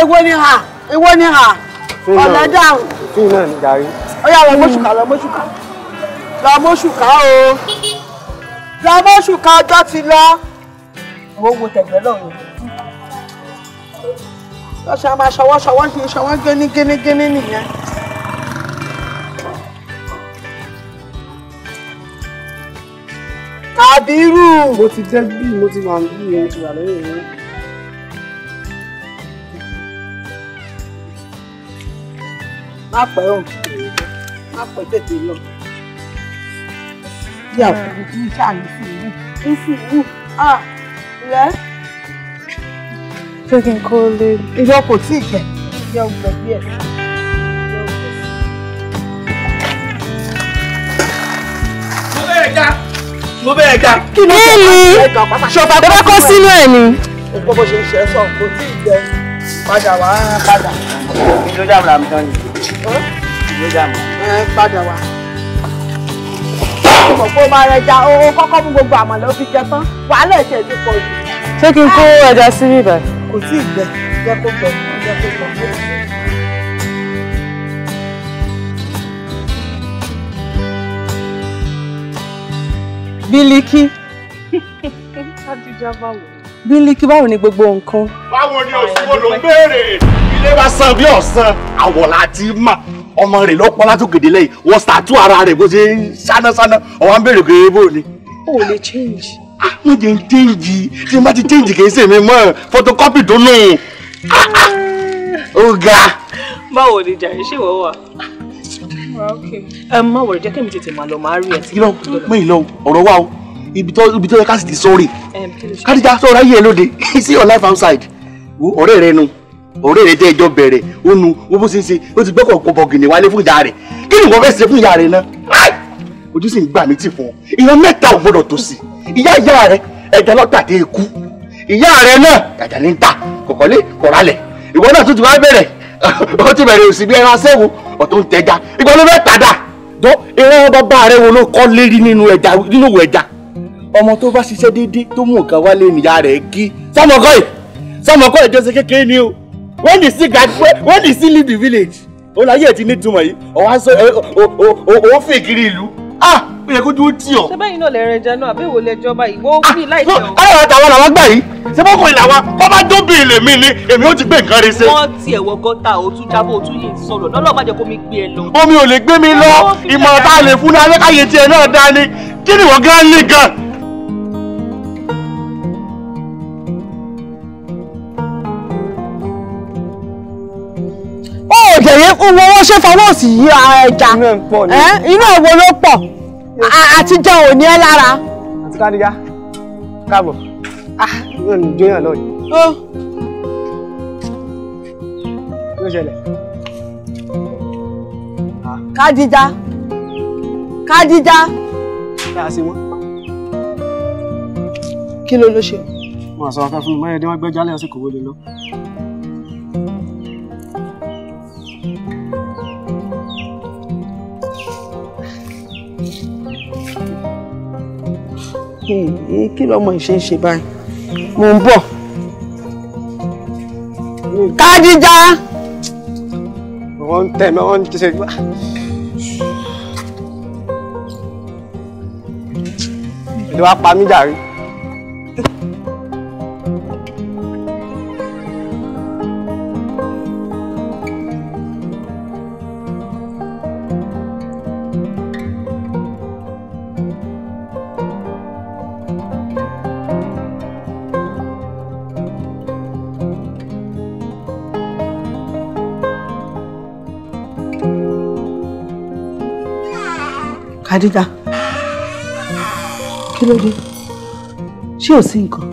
èwo ni hà èwo ni hà ọ̀nà dáhùn. tí iná ń darí. ó yà lọ mọ́ṣùkà lọ mọ́ṣùkà lọ mọ́ṣùkà o lọ mọ́ṣùkà ọjọ́ ti lọ. àwọn owó tẹ̀gbẹ́ náà yẹn. lọ́sàn-án máa ṣọwọ́ ṣọwọ́ kì í ṣọwọ́ gíní gíní gíní nìyẹn. Kàbírù. mo ti dẹ́gbì mo ti wà níbi ìyẹn ti wà lẹ́yìn rẹ̀. má pẹ́ òun má pẹ́ tètè lọ. bí àkókò tí ń ṣàní sùúrù ń sùúrù à lẹ́. ṣé kí n kó lé. ìjọ kò tí ì kẹ̀ yọ gbẹ díẹ̀. mo bẹ̀rẹ̀ ga mo bẹ̀rẹ̀ ga. kí ni ṣọ̀fà tó bá kọ́ sínú ẹ̀ ni. òkú bó ṣe ń ṣe é sọ kò tí ì jẹ padà wá padà. ìjọba àmì tán ni ìwé dàmú. ẹ padà wá. mo mọ̀ pé o máa rẹja o kọ́kọ́ mú gbogbo àmàlà ó fi jẹ tán wàhálà ẹ̀sẹ̀ ti pọ̀ jù. ṣé kí n kó ah! ẹja sí bíbá. kò tí ì gbẹ kó gbẹ jẹ kó gbẹ. bílíkì. bílíkì báwo ni gbogbo nǹkan. báwo ni òṣùwọ̀n ló ń béèrè ilé bá san bí ọ̀sán àwọ̀ láti mà ọmọ rẹ̀ lọ́pọ̀ látòkèdè lẹ́yìn wọ́n ṣàtú ara rẹ̀ bó ṣe ṣánáṣáná ọ̀wá ń bèrè pé bó ni. o lè change. wọ́n ah, jẹ́ ń change tí n bá ti change kì í ṣe mi mọ́ photocopy tó nù. Ah, ah. ó ga. báwo ni jàre ṣé wọ́n wà. ẹ má wọ̀rọ̀ jẹ́ kémi tètè máa lọ máa rí ẹ. irọ́ mọ̀ ìlọ ọ̀rọ̀ wa o ibi tó ibi tó yẹ ká sì ti sọ́ọ̀rì. kádìjà sọ̀rọ̀ ayé ẹ lóde see your life outside ọ̀rẹ́ rẹ nu ọ̀rẹ́ rẹ tẹ́ ẹjọ́ bẹ̀rẹ̀ ó nu ó bó ṣe ó ti gbẹ́kọ̀ ọ̀pọ̀ bọ̀gìnì wálé fún ìyá rẹ̀ kí ni wọ́n fẹ́ ṣe fún ìyá rẹ̀ náà ojú sì ń gbà mí tì fún ìran mẹ́ta ò gbọ́dọ̀ tó sí ìyá ìyá rẹ̀ ẹja lọ́tà dé ikú ìyá rẹ̀ náà yàjà ní ta kọ̀kọ́lé kọ̀rálẹ̀ ìwọ náà tún ti wá bẹ̀rẹ̀ ó ti bẹ̀rẹ̀ òsì bí ẹran aṣẹ́wó ọ̀tún tẹja ìgbà ló fẹ́ tàdá tó ìran bàbá rẹ̀ wo ló kọ́ lérí nínú ẹja nínú òwò ẹja ọmọ tó bá ṣiṣẹ́ déédéé tó mú nǹkan wálé nìyá rẹ̀ kí sọmọkọ́ yìí sọmọkọ́ yìí jọ́sẹ̀ o when the see graduate when the see leave the village olaye ti ní túmọ̀ yìí ọ̀wá sọ òun fè kiri ìlú ah ó yẹ kó dúró tì ọ́. ṣé báyìí náà lẹ́rìn ẹja náà àbẹ́wò lẹ́jọ́ báyìí wọ́n ah! fi láìpẹ́ o. ayọ̀ ọ̀tà wọn làwọn gbà yìí ṣé bọ́ kò làwọn kọ́ bá tó bìí lèmi ni èmi ó ti gbé nǹkan rẹ ṣe. wọ́n ti ẹ̀wọ̀ gọ́ta ó tún jábọ̀ ó tún yìí sọ̀rọ̀ lọ́lọ́ má jẹ́ kó mi gbé ẹ lọ. omi ò lè gbé mi lo. ìmọ̀ràn tá a lè fún ní alẹ́ káyé tiẹ̀ náà dání kí ni wọ́n gán ní gan jèrè owó wọn ṣe fọwọ́ sí yí ẹja inú ẹ̀wọ̀ ló pọ̀ àti jẹ òní ẹ lára. àti kádìyá káàbọ̀ yóò ní jóyàn lọ́yìn. yóò ṣẹlẹ̀. Ah. kádìjà kádìjà. kí a ṣe wọ́n. kí ló ló ṣe. wọn àṣọ afẹ́fún mi máyẹ̀dẹ́wọ́n gbẹ́jálẹ̀ ọ̀sẹ̀ kò wọlé lọ. kí lọmọ ìṣe ń ṣe báyìí mò ń bọ̀ kádìjà. wọ́n ń tẹ̀ mí wọ́n ń tẹ̀ mí. ìlú wa pa mí jàre. adija, kí ló dé ṣé ò sí nǹkan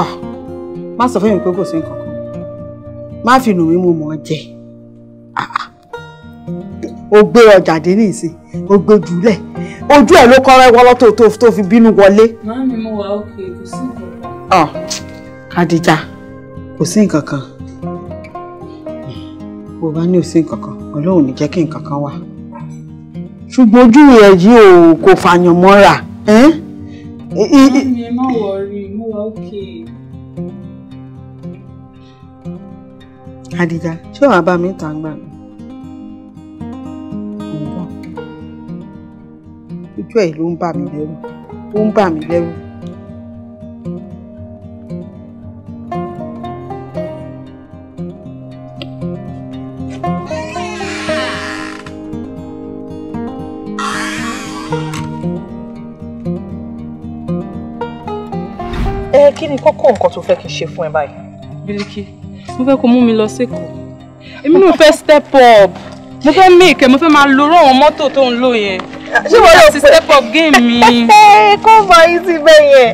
ah má sọ fún mi pé kò sí nǹkan kan má fi nù mí mo mọ̀ ọ́ jẹ ah, ah. o gbé ọjà dé ní ìsìn o gbé jùlẹ̀ ojú ẹ̀ ló kọ́rẹ́ wọlọ́ tó tó fi bínú wọlé. Màámi mo wà òkè kò sí nǹkan ah, adija, kò sí nǹkan kan ah, hmm, bó bá ní ò sí nǹkan kan Ọlọ́run ní jẹ́ kí nǹkan kan wà ṣùgbọ́n ojú rẹ̀ yìí ò kò fàyàn mọ́ra. mi má wọrí mo wà òkè. àdìjà ṣé wàá bá mi ta ń gbà mí. ojú ẹ̀ ló ń bà mí lẹ́rù ó ń bà mí lẹ́rù. kọ́kọ́ nǹkan tó fẹ́ kí n ṣe fún ẹ báyìí. Biliki mo fẹ́ kó mú mi lọ sékòó èmi náà fẹ́ step up mo fẹ́ make mo fẹ́ máa lo rọ̀wọ̀n mọ́tò tó ń lò yẹn ṣé wọ́n yóò ti step up game mi. kó bọ ah. easy bẹ́ẹ̀ yẹn.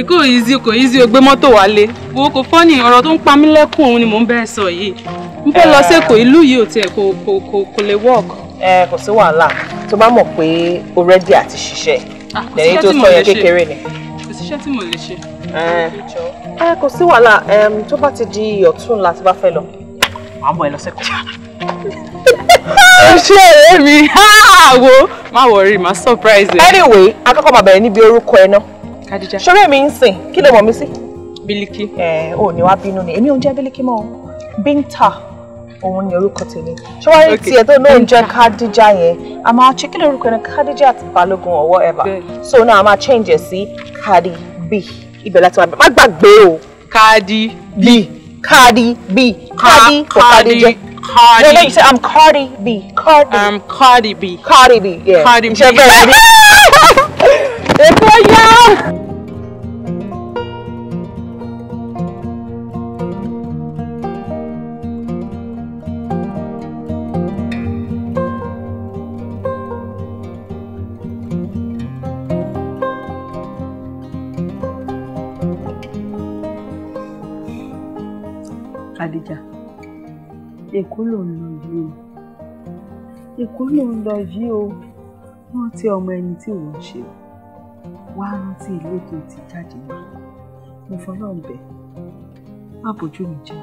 èkó easy kò easy o gbé mọ́tò wálé wo kò fọ́nì ọ̀rọ̀ tó ń pa mí lẹ́kùn òun ni mò ń bẹ́ẹ̀ sọ yìí mo fẹ́ lọ eh. sékòó ìlú yìí ò tiẹ̀ kò kò kò kò lè work. ẹ kò sí wàhálà tó bá mọ̀ pé o ready àti ṣiṣẹ́ lẹ́yìn ah, tó sọ yẹn kékeré ni síṣẹ́ tí mo lè ṣe. ẹ eh. eh, kò sí wàhálà tó bá ti di ọ̀tún la ti bá fẹ́ lọ. màá bọ̀ ẹ lọ sẹ́kọ̀ọ́. ṣé èrè mi àwo má wọrí má surprise ẹ. anyway akọ́kọ́ bàbá ẹ níbi orúkọ ẹ náà. Kadija. ṣọ́rẹ́ mi ń sìn kí ló mọ̀ mí sí. Biliki. ẹ eh, ò ní wá bínú ni èmi ò jẹ́ Biliki mọ́ o Binta òun ni orúkọ tèmi ṣọwárí tiẹ̀ tó náà ń jẹ́ Kádíjà yẹn a máa ṣe kí lórúkọ yẹn Kádíjà àti Balógun or whatever so náà a máa change ẹ̀ sí Cardi B ibẹ̀ láti máa má gbàgbé o Cardi B Cardi B Cardi for Kádíjà. Cardi. No, no, you said I'm Cardi B. Cardi. I'm Cardi B. Cardi B. Yeah. Cardi B. Cardi B. Yeah. èkó ló ń lọ yìí o èkó ló ń lọ yìí o rántí ọmọ ẹni tí wọ́n ń ṣe o wá rántí ilé tó ti jáde wá mo fọlọ́run bẹ̀ má bójú mi jẹ́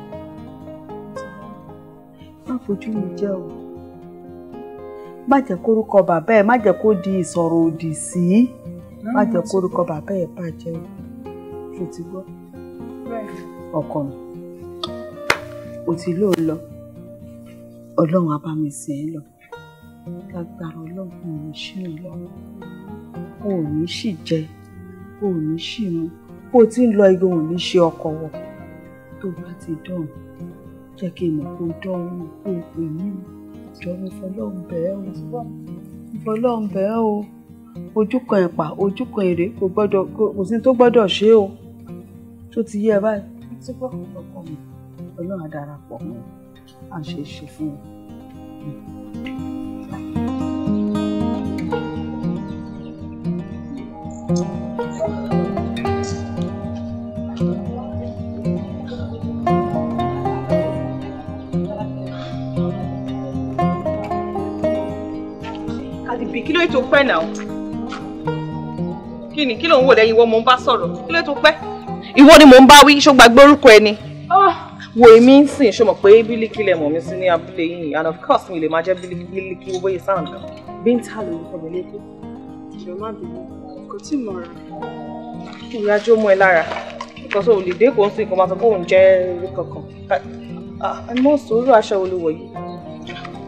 má bójú mi jẹ́ o má jẹ́ kórúkọ bàbá ẹ̀ má jẹ́ kó di ìsọ̀rọ̀ òdì sí má jẹ́ kórúkọ bàbá ẹ̀ bàjẹ́ o ṣe ti gbọ́ ọkọ mi ti lóò lọ ọlọ́run á bá mi sìn ẹ́ lọ lágbára ọlọ́run ò ní ṣì ń lọ ò ní ṣì jẹ ò ní ṣì mu bó o ti ń lọ igun ò ní ṣe ọkọ̀ wọ̀ tó bá ti dọ̀hùn jẹ́ kí n mọ̀ kó dọ̀hùn kó o pè mí ìjọba ìfọlọ́run bẹ́ẹ̀ o ìfọlọ́run bẹ́ẹ̀ o ojú kan ẹ̀pà ojú kan èrè kò gbọ́dọ̀ kò sí tó gbọ́dọ̀ ṣe o tó ti yé ẹ báyìí. ọkọ mi ọlọ́run á darapọ̀ mọ́ à ń ṣe é ṣe fún wọn. àdìbì kí ló ètò pẹ́ náà kí ni kí ló ń wò lẹ́yìn ìwọ mo ń bá sọ̀rọ̀ kí ló ètò pẹ́. ìwọ ni mo ń bá wí ṣó gbàgbé orúkọ ẹni wo èmi ń sìn ṣe mọ̀ pé bílíkì lẹ̀ mọ̀ mi sí ní abúlé yìí and of course mi lè máa jẹ́ bílíkì owó yìí sáà nǹkan. bíńtà ló ń kọ́ni lẹ́kọ̀ọ́ ìjọ má bínú kò tí mọ̀ ra. ìrìnàjò mọ́ ẹ lára because olùdé kò ń sìn kó máa sọ pé òun jẹ́ rí kankan. àmọ́ sòrò aṣọ olówó yìí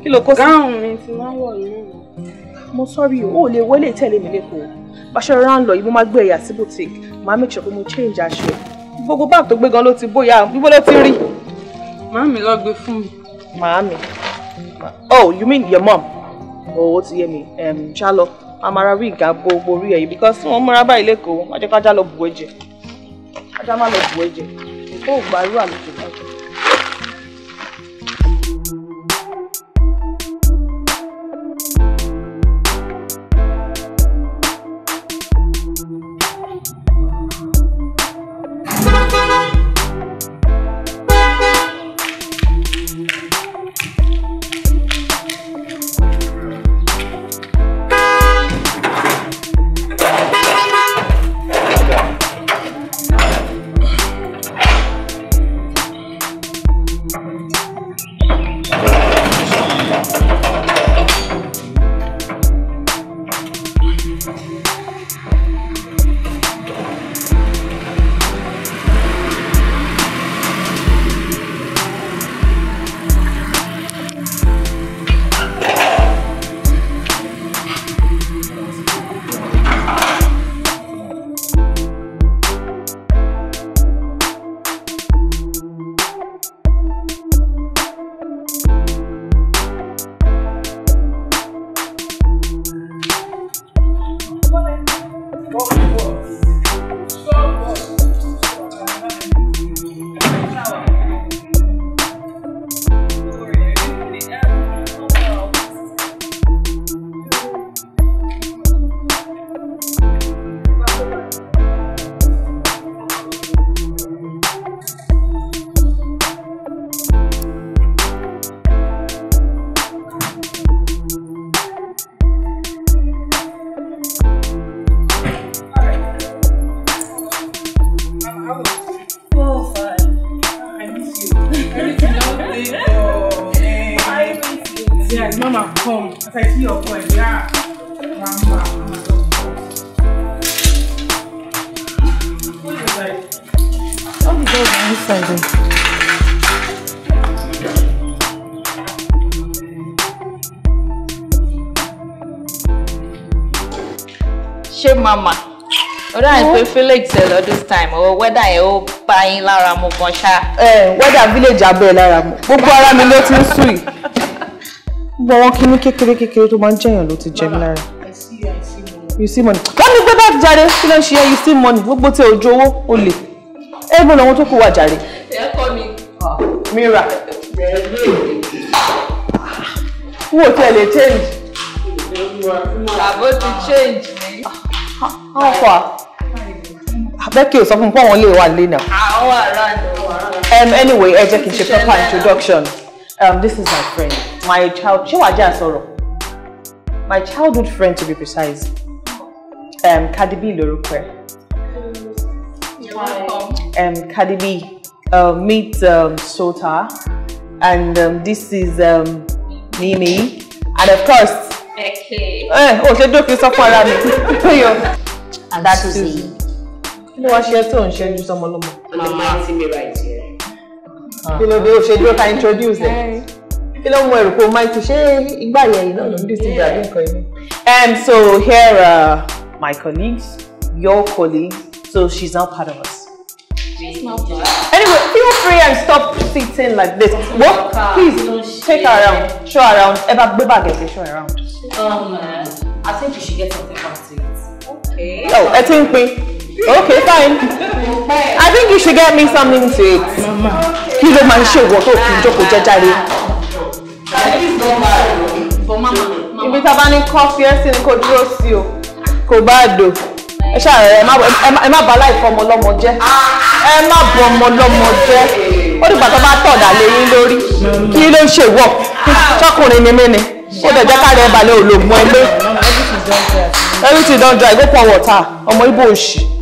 kí ló kó sí. gáàrùn mi ti máa ń wọ̀ yìí náà. mo sọ́rí o ò lè wọlé tẹ̀lé mi lẹ́kọ̀ọ́ bá ṣe rán lọ yìí mo máa gbé ẹ̀yà sí boutique máa make sure pé mo change aṣọ gbogbo báàgì tó gbé gan ló ti bóyá níbo ló ti rí. màámi lọ gbé fún mi. màámi oh you mean your mom owó oh, ti yé mi ṣálọ amara rí ìgá gbogbo orí ẹ̀yìn because tí wọ́n múra báyìí lẹ́kọ̀ọ́ wọ́n jẹ́ kájá lọ bù ẹ̀jẹ̀ kájá má lọ bù ẹ̀jẹ̀ kó o gbàrú àlùkò. mo gan ṣá. ẹ wẹ́dà village abẹ́ lára mu gbogbo ara mi ló ti ń sùn yìí gbogbo àwọn kinní kékeré kékeré tó máa ti jẹ mí lára you see money wọ́n mi gbé bá jáde kí ló ń ṣe you see money gbogbo tí ojú owó o lè ẹ bó lọ́wọ́ to kù wà Jare. ẹ kọ́ mi. Ah, mira wo tẹ̀lé change. tàbó ti change ni. Ah, ọkọ̀ ah, abẹ́kẹ́ ò sọ fún mi pé àwọn lè wà lé àwọn ará ni um, anyway, ẹ jẹ́ kí n ṣe proper introduction. Um, this is my friend, my child, Chiwaja Asoro. My childhood friend, to be precise. Um, Cardi B lorúkọ ẹ̀. Um, Cardi B, uh, meet um, Sota, and um, this is um, Mimi, and of course. Okay. Eh, oh, ṣe dókè sọ fún ara mi. And that is me kí ló ṣe tó ń ṣẹ́jú sọmọ lọ́mọ. màmá ti mi ra ìtì kí ló dé o ṣe introduce ẹ kí ló mú ẹrù kó máa ti ṣe ìgbà yẹn náà ló ń dì nǹkan yìí. Um, so here are my colleagues, your colleagues, so she's now part of us. Anyway, feel free and stop sitting like this. What? Please take her around, show her around. Ever go back and show her around. Um, uh, I think you should get something out it. Okay. Oh, I think Okay, fine. I think you should get me something to eat. Kí ló máa ń ṣe ìwọ tó fi jókòó jẹ́ járe? Ibi tá a bá ní kọ́fí ẹ̀sìn ni kò dúró sí o, kò bá dò. Ẹ ṣàrẹ̀ ẹ má bàa láìfọ ọmọ lọ́mọ jẹ́. Ẹ má bọ ọmọ lọ́mọ jẹ́. Ó dìgbà tó bá tọ̀dà lé yín lórí. Kí ló ń ṣe ìwọ? Ṣọ́kùnrin ni mí ni. Ó dẹ̀ jẹ́ káàdì ẹ̀ balẹ̀ òlògùn ẹgbẹ́. Everything don dry, go pour water. Ọmọ Ibo òṣì.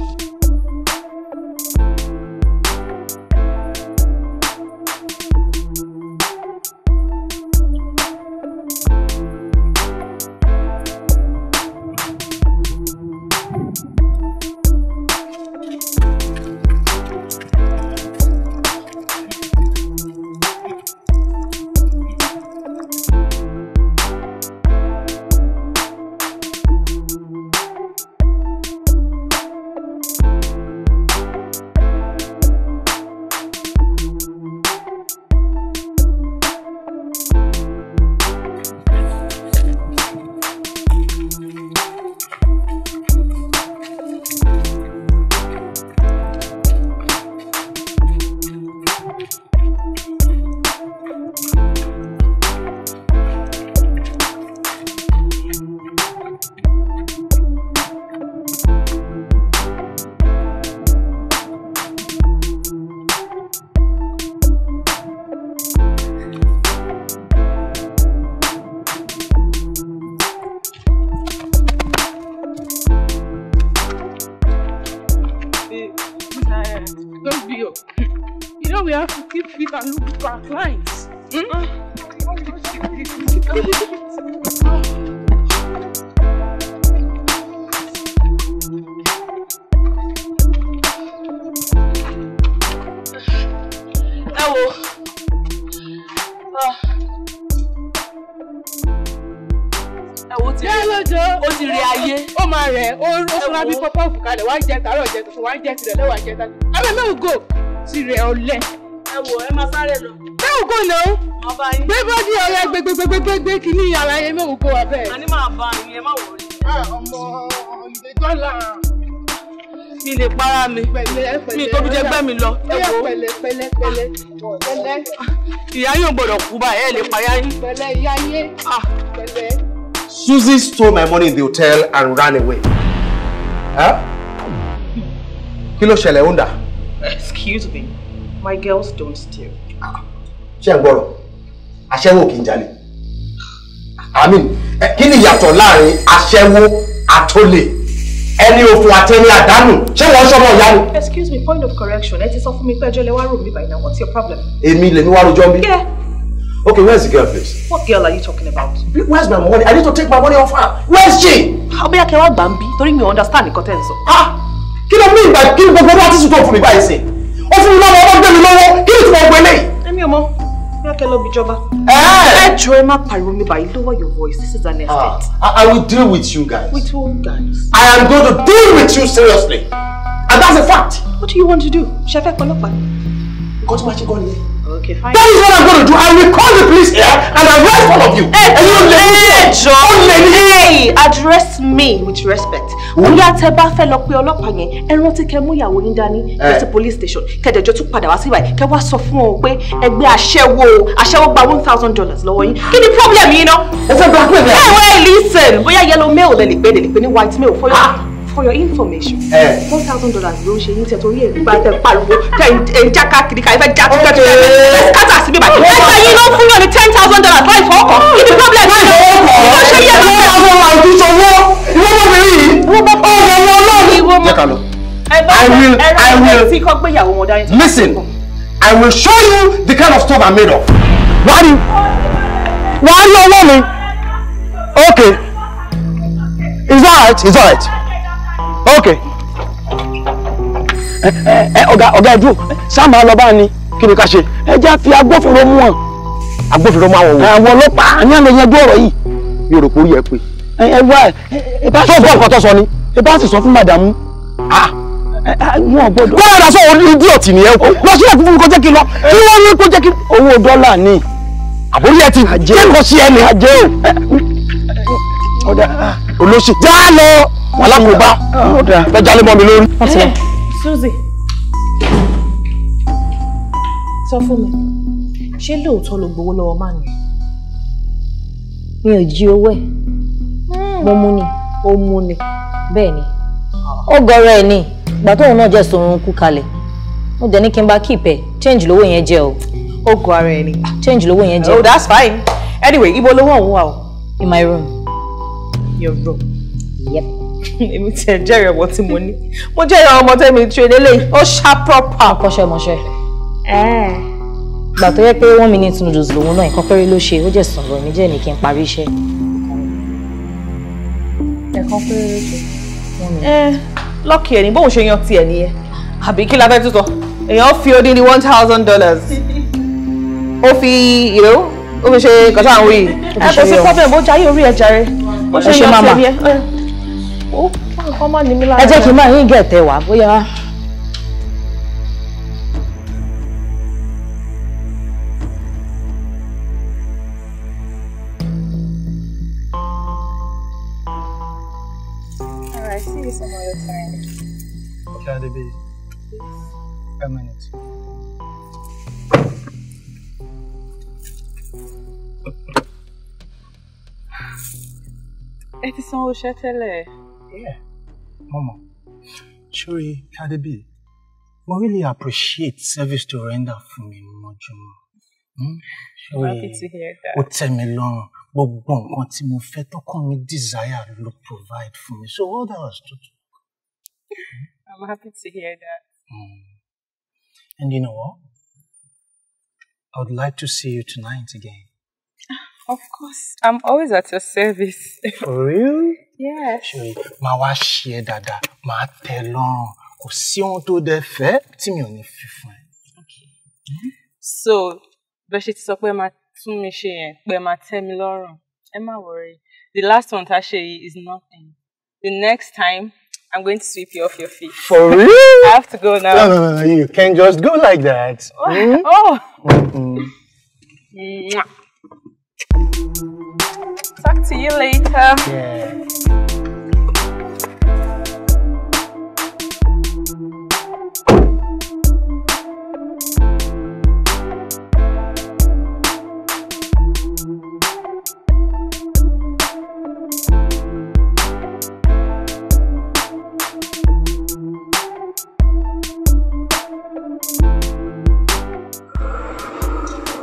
ọ̀lẹ̀ jẹ tàárọ̀ jẹ tuntun wá jẹ tirẹ̀ lẹ́wà jẹ tàbí. abẹ́ mẹ́wò go tirẹ̀ ọ̀lẹ̀. ẹ wò ẹ máa sáré lọ. mẹ́wò go nà ó. gbé bọ́dí ọ̀rẹ́ gbégbégbégbé kìíní ara yẹn mẹ́wò go abẹ́. a ní máa bá a ẹ má wọlé. Ah, ọmọ ìdẹ́gọ́lá mi lè para mi mi tóbi jẹ gbẹ mi lọ ẹ wo ìyá yóò gbọ́dọ̀ kú báyìí ẹ lè payá yín. Ah. Susie stole my money in the hotel and ran away. Huh? kí ló ṣẹlẹ̀ onda. excuse me my girls don't steal. ṣé ń gbọ́rọ̀ aṣẹ́wó kì í jalè àmín kí ni ìyàtọ̀ láàrin aṣẹ́wó àtolè ẹni òfin àtẹni àdánù ṣé wọ́n ṣọmọ ìyá ni. excuse me point of correction ẹ ti sọ fún mi pé ẹjọ́ lẹ wá rò mí báyìí now what's your problem. èmi lèmi wá rojọ́ bí. yeah Okay, where's the girl, please? What girl are you talking about? Where's my money? I need to take my money off her. Where's she? How may I can I bambi? Torí mi understand nǹkan tẹ́ ń sọ. Ah! kí ló mú ìgbà kí gbogbo owó àti sùtò fún mi báyìí sí ó fún mi lọ́wọ́ ó gbé lọ́wọ́ kí ló ti mọ̀ gbé lé. èmi ò mọ lákẹ́ lọ bíjọba. ẹ jọ ẹ má pariwo mi báyìí lower your voice this is an ah, estate. I will deal with you guys. with who guys. I am going to deal with you seriously and that's a fact. what do you want to do ṣe fẹ́ pọlọ́pàá. nǹkan tí wàá ṣe kọ́ nìyẹn okay, fine. That is what I'm going to do. I will call the police here and arrest all of you. Hey, and you hey, John. Hey, address me with respect. Bóyá tẹ bá fẹ́ lọ pe ọlọ́pàá yẹn, ẹ rántí kẹ mú ìyàwó yín dání eh. lọ sí police station. Kẹ̀dẹ̀jọ́ tún padà wá síbà yìí. Kẹ wá sọ fún wọn pé ẹgbẹ́ aṣẹ́wó aṣẹ́wó gba one thousand dollars lọ́wọ́ yín. Kí ni problem yín náà? Ẹ fẹ́ blackmail mi. Ẹ wẹ́ẹ̀ listen, bóyá yellow mail lẹ lè pè lè pè ní white mail fọ́yọ́ for your information. one thousand dollars ló ń ṣe yín tẹ torí ẹ̀ nígbà tẹ pariwo tẹ ẹ já káàkiri ká ẹ fẹ́ já tẹ tẹ ẹ kátà síbí bàtí. ẹgbẹ́ yìí ló ń fún yàn ní ten thousand dollars láì fọ́ọ̀kọ́ kí ni problem ṣe ló ṣe yẹ ló ṣe. àwọn àti sọwọ́ ìwọ́mọbìnrin yìí ọmọ ọlọ́run. jẹ́ ká lọ. ẹ bá ẹ rà tí kò gbéyàwó wọn dání. listen I will show you the kind of stuff I'm made of. wàá rí wàá rí owó mi okay it's alright it's alright ok ọ̀gá ọ̀gá ẹ̀dú sáàmù ọlọ́ba ni kí ni ká ṣe ẹ jẹ́ fi agbófinró mú wọn agbófinró mú àwọn òun àwọn ọlọ́pàá ní àná yanjú ọ̀rọ̀ yìí mi ò rò pé orí ẹ pé ẹ wá ẹ bá sọ fún ọkọ tó sọ ni ẹ bá sì sọ fún màdàmú ah wọn gbọ́dọ̀. wọ́n yàrá sọ idiot ni ẹ o lọ sílẹ̀ fún mi kó jẹ́ kí n lọ kí wọ́n ní kó jẹ́ kí n. owó dọ́là ni àbórí ẹ ti jẹ́ lọ sí ẹni. àjẹ́ o olóṣì. já lọ wọn lákòóbá fẹ́ jálé mọ́ mi lórí. Suzy sọ fún mi ṣé lóòótọ́ ló gbowó lọ́wọ́ máa ní. mi ò jí owó ẹ̀ hmm. mo mú ni ó mú ni bẹ́ẹ̀ ni ó gọrọ ẹ̀ ní ìgbà tóun náà jẹ́ sòrun kú kalẹ̀ mo dẹ̀ ní kí n bá kíìpẹ̀ change lówó yẹn jẹ́ o. ó gọ ara ẹ̀ ní. change lówó yẹn jẹ́ o. oh that's fine anyway ibo lówó ọ̀hún wà o. in my room. your room. èmi ti ẹ̀ jẹ́rìí ọmọ tí mo ní mo jẹ́rìí ọmọ tẹ́mi tí o lélẹ̀ ó ṣá proper. akọ́ṣẹ́mọṣẹ́ gbà tó yẹ pé one minute noodles lòun náà nǹkan péré ló ṣe ó jẹ́ sọ̀rọ̀ èmi jẹ́ ní kí n parí iṣẹ́. ẹ̀kan péré ló ṣe. Eh, ẹ lọ́ọ̀kì ẹ̀ ní bóun ṣe yan tiẹ̀ nìyẹn àbí kí la fẹ́ tún sọ èèyàn fi odi ní one thousand dollars ó fi ìró ó fi ṣe kọ́tà àwọn yìí ẹ kò sí problem bó jayé orí ẹ̀ jàre bó ṣe yan tiẹ̀ nìyẹn. Eh ó nǹkan má ní mi lára. ẹ jẹ́ kí n máa yín gẹ̀ẹ́tẹ̀ wá bóyá. I see you some Ẹ ti sanwó iṣẹ́ tẹ́lẹ̀. Yeah. Mama, Shuri, Cardi we really appreciate service to render fún mi mọ́júmọ́. Ṣé hmm? o tẹ́ mi lọ́rùn gbogbo nǹkan tí mo fẹ́ tọ́kàn mi desire ló provide for me. So all that was to do. I'm happy to hear that. Mm. And you know what? I would like to see you tonight again. Of course. I'm always at your service. For real? ṣòye máa wá ṣe ẹ dáadáa máa tẹ́ lọ́rùn kò sí ohun tó dẹ fẹ́ tí mi ò ní fi fún ẹ. so bẹ́ẹ̀ ṣe ti sọ pé máa tún mi ṣe yẹn pé máa tẹ́ mi lọ́rùn ẹ má worry the last one tá a ṣe yìí is nothing the next time I'm going to sweep you off your feet. For real? I have to go now. No, no, no, no. You can't just go like that. Oh. Mm? oh. Mm-mm. Talk to you later. Yeah.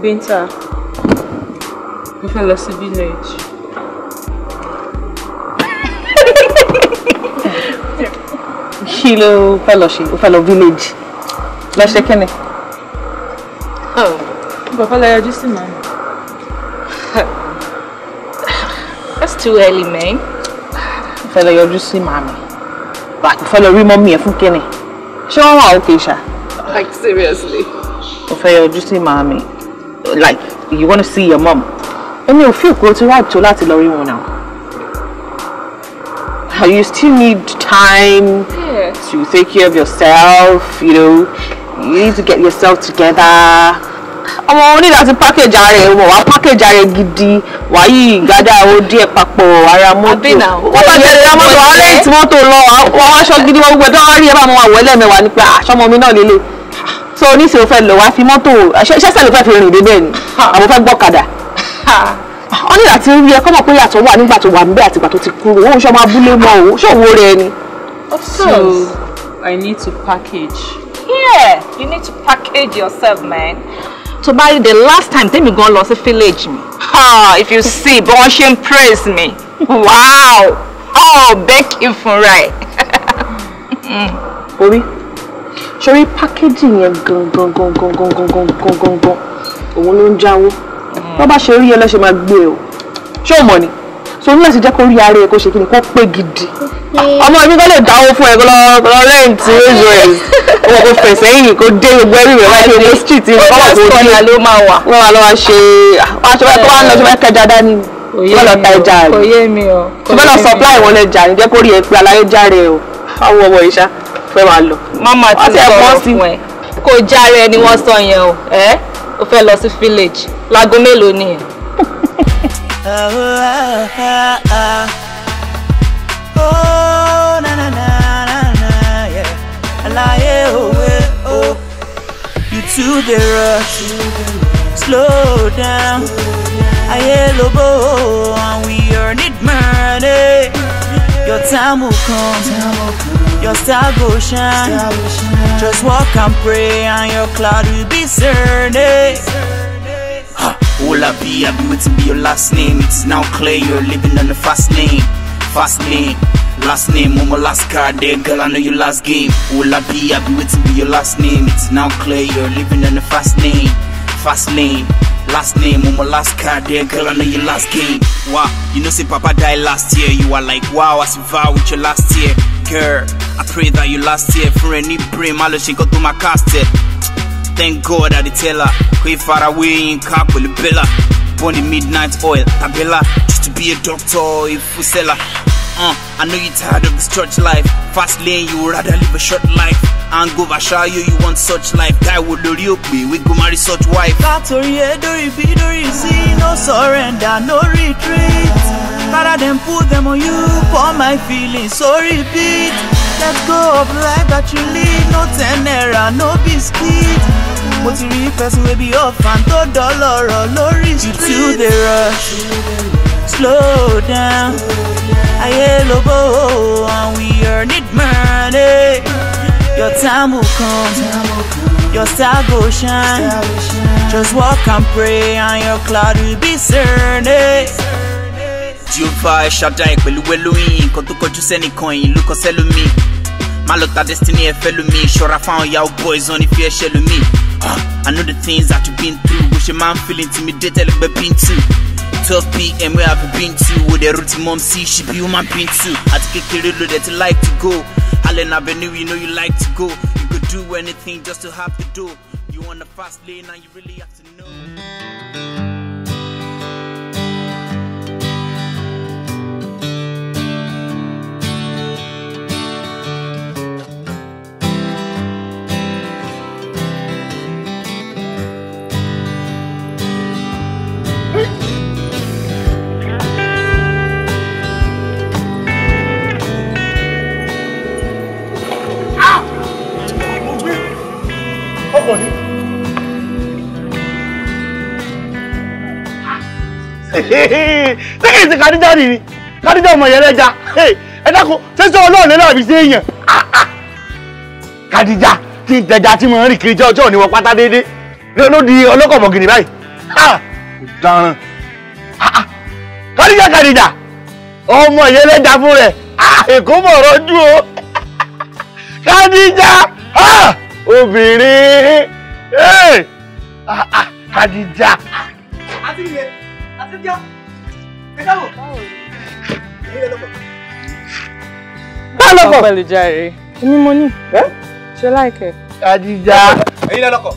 Binta, we fell asleep village. ṣí ló fẹ́ lọ ṣe ó fẹ́ lọ village lọ ṣe kíni. Oh. bàbá la yọjú sí màá. that's too early man. Fellow, fẹ́ lọ yọjú sí màá fellow, ó fẹ́ lọ rí mọ́mí ẹ̀ fún kíni ṣé like seriously. ó fẹ́ yọjú sí màá like you want to see your mom. èmi ò fi òkú tí wàá tó láti lọ rí wọn náà. you still need time. Yes. You take care of yourself, you know. You need to get yourself together. ọmọ o ní láti package ara ẹ wọ wá package ara gidi wàyí gada o díẹ̀ papọ̀ ara mọ́tò wọ́n bá tẹ̀lé ra mọ́tò arẹ́ǹtì mọ́tò lọ àwọn aṣọ gidi wọn gbogbo ẹ̀dá wọn rí ẹ bá wọn àwọ̀ ẹlẹ́mẹ̀wàá nípa aṣọ́mọ mi náà lélẹ̀ so oníṣẹ́ o fẹ́ lọ wá fi mọ́tò ṣẹ́ṣẹ́ ló fẹ́ fi rìn débẹ̀ ni àwọn fẹ́ gbọ́kadà wọ́n ní láti rí ẹ kọ́mọ̀ pé yàtọ̀ wà nígbà tó wà níbẹ̀ àtìgbà tó ti kúrò òun ṣọ́ máa búlé mọ́ òun ṣòwò rẹ ni. Of course. So I need to package. Yeah, you need to package yourself, man. To buy the last time, then you go lost a village me. Ha, if you see, but she impressed me. Wow. Oh, thank you for right. Obi, sorry packaging yẹn gong gong gong gong gong gong gong gong gong. gan. Òun ló ń jáwó. Bọ́ bá ṣe rí ẹ lọ́ ṣe máa gbé e o. Ṣé o mọ̀ ni? so ní láti jẹ́ kó rí ara ẹ̀ kó ṣe kí ni kó pé gidi ọmọ mi kọ́ lè dáwó fún ẹ kó lọ lẹ́yìn tí ó yọ ẹ̀ ọmọ kò fẹ̀ sẹ́yìn kó dé gbogbo ẹrù rẹ̀ wáyé mo street ní kọ́wà kó dé wọ́n wà lọ́wọ́ ṣe aṣọ bẹ́ẹ̀ kó wà lọ́jọ́ bẹ́ẹ̀ kẹja dání kó lọ ta ẹja rẹ̀ kò yé mi o kò bẹ́ẹ̀ lọ supply wọn lẹ jà ní jẹ́ kó rí ẹ pé já rẹ̀ o àwọn ọmọ ìṣá fẹ́ máa lọ. mama ti sọ̀rọ̀ fún o ẹ village láago oh, oh, oh, oh, na na na na na, yeah. I yeah, oh, yeah, oh. You to the rush, slow down. I yellow bow, and we earn it money. Your time will come, your star will shine. Just walk and pray, and your cloud will be certain. Ola B, I've been waiting to be your last name. It's now clear you're living on the fast lane. Fast lane. Last name on my last card, there, girl. I know your last game. Ola i I've be waiting to be your last name. It's now clear you're living on the fast lane. Fast lane. Last name on my last card, there, girl. I know your last game. Wow, you know, say Papa died last year. You are like, wow, I survived with your last year. Girl, I pray that you last year. For any brain, my love she go to my casted. Thank God I the teller. Way far away in Cap with Bella. Born in midnight oil, Tabella. Just to be a doctor, if we seller. Uh, I know you tired of this church life. Fast lane, you would rather live a short life. And go show you, you want such life. Guy would do you be, we go marry such wife. Battery, eh, dory, be dory, see, no surrender, no retreat. Rather than put them on you, for my feelings, so repeat. Let go of life that you lead, no tenera, no biscuit. mo ti rí person wey be tó dọ́lọ́rọ̀ lórí street dey rush slow down ayé lobo and we all need money your time will come your star go shine just walk and pray and your cloud will be certain. tí ó fa ẹ̀ṣá dáhìn pẹ̀lú wẹ́lóyìn nǹkan tó kọjú sẹ́nìkan ìlú kan sẹ́lómi má lọ ta destiny ẹ̀fẹ́ lómi ṣọ́ra fáwọn yahoo boys wọn ní fi ẹ̀ṣẹ́ lómi. Uh, I know the things that you've been through. Wish your man feel intimidated like we've been to. 12 p.m. where I've been to. With the root mom see she be human been to. I take a kid that you like to go. Allen Avenue, you know you like to go. You could do anything just to have the door. You on the fast lane and you really have to know. bọ̀ ni. sẹ́kẹ̀sì kàdíjà nìyí kàdíjà ọmọ yẹn lẹ́jà ẹ dákun sẹ́sẹ́ ọlọ́ọ̀lẹ́ náà fi ṣe èèyàn kàdíjà tí ń tẹja tí mo ń rìn kiri jẹ́ ọjọ́ òníwọ̀ pátá déédéé ní olódi ọlọ́kọ̀ mọ̀gìnì báyìí ọ̀daràn kàdíjà kàdíjà ọmọ yẹn lẹ́jà fún rẹ̀ èkó mọ̀ ọ̀rọ̀ ojú o kàdíjà obìnrin Kàdíjà. Ah, ah, àti ilé àti bíọ́ ẹ káwọ. báwo lọkọ pẹ̀lú jàre èmi mo ní ṣe láìkẹ. Kàdíjà. ẹ̀yin lọkọ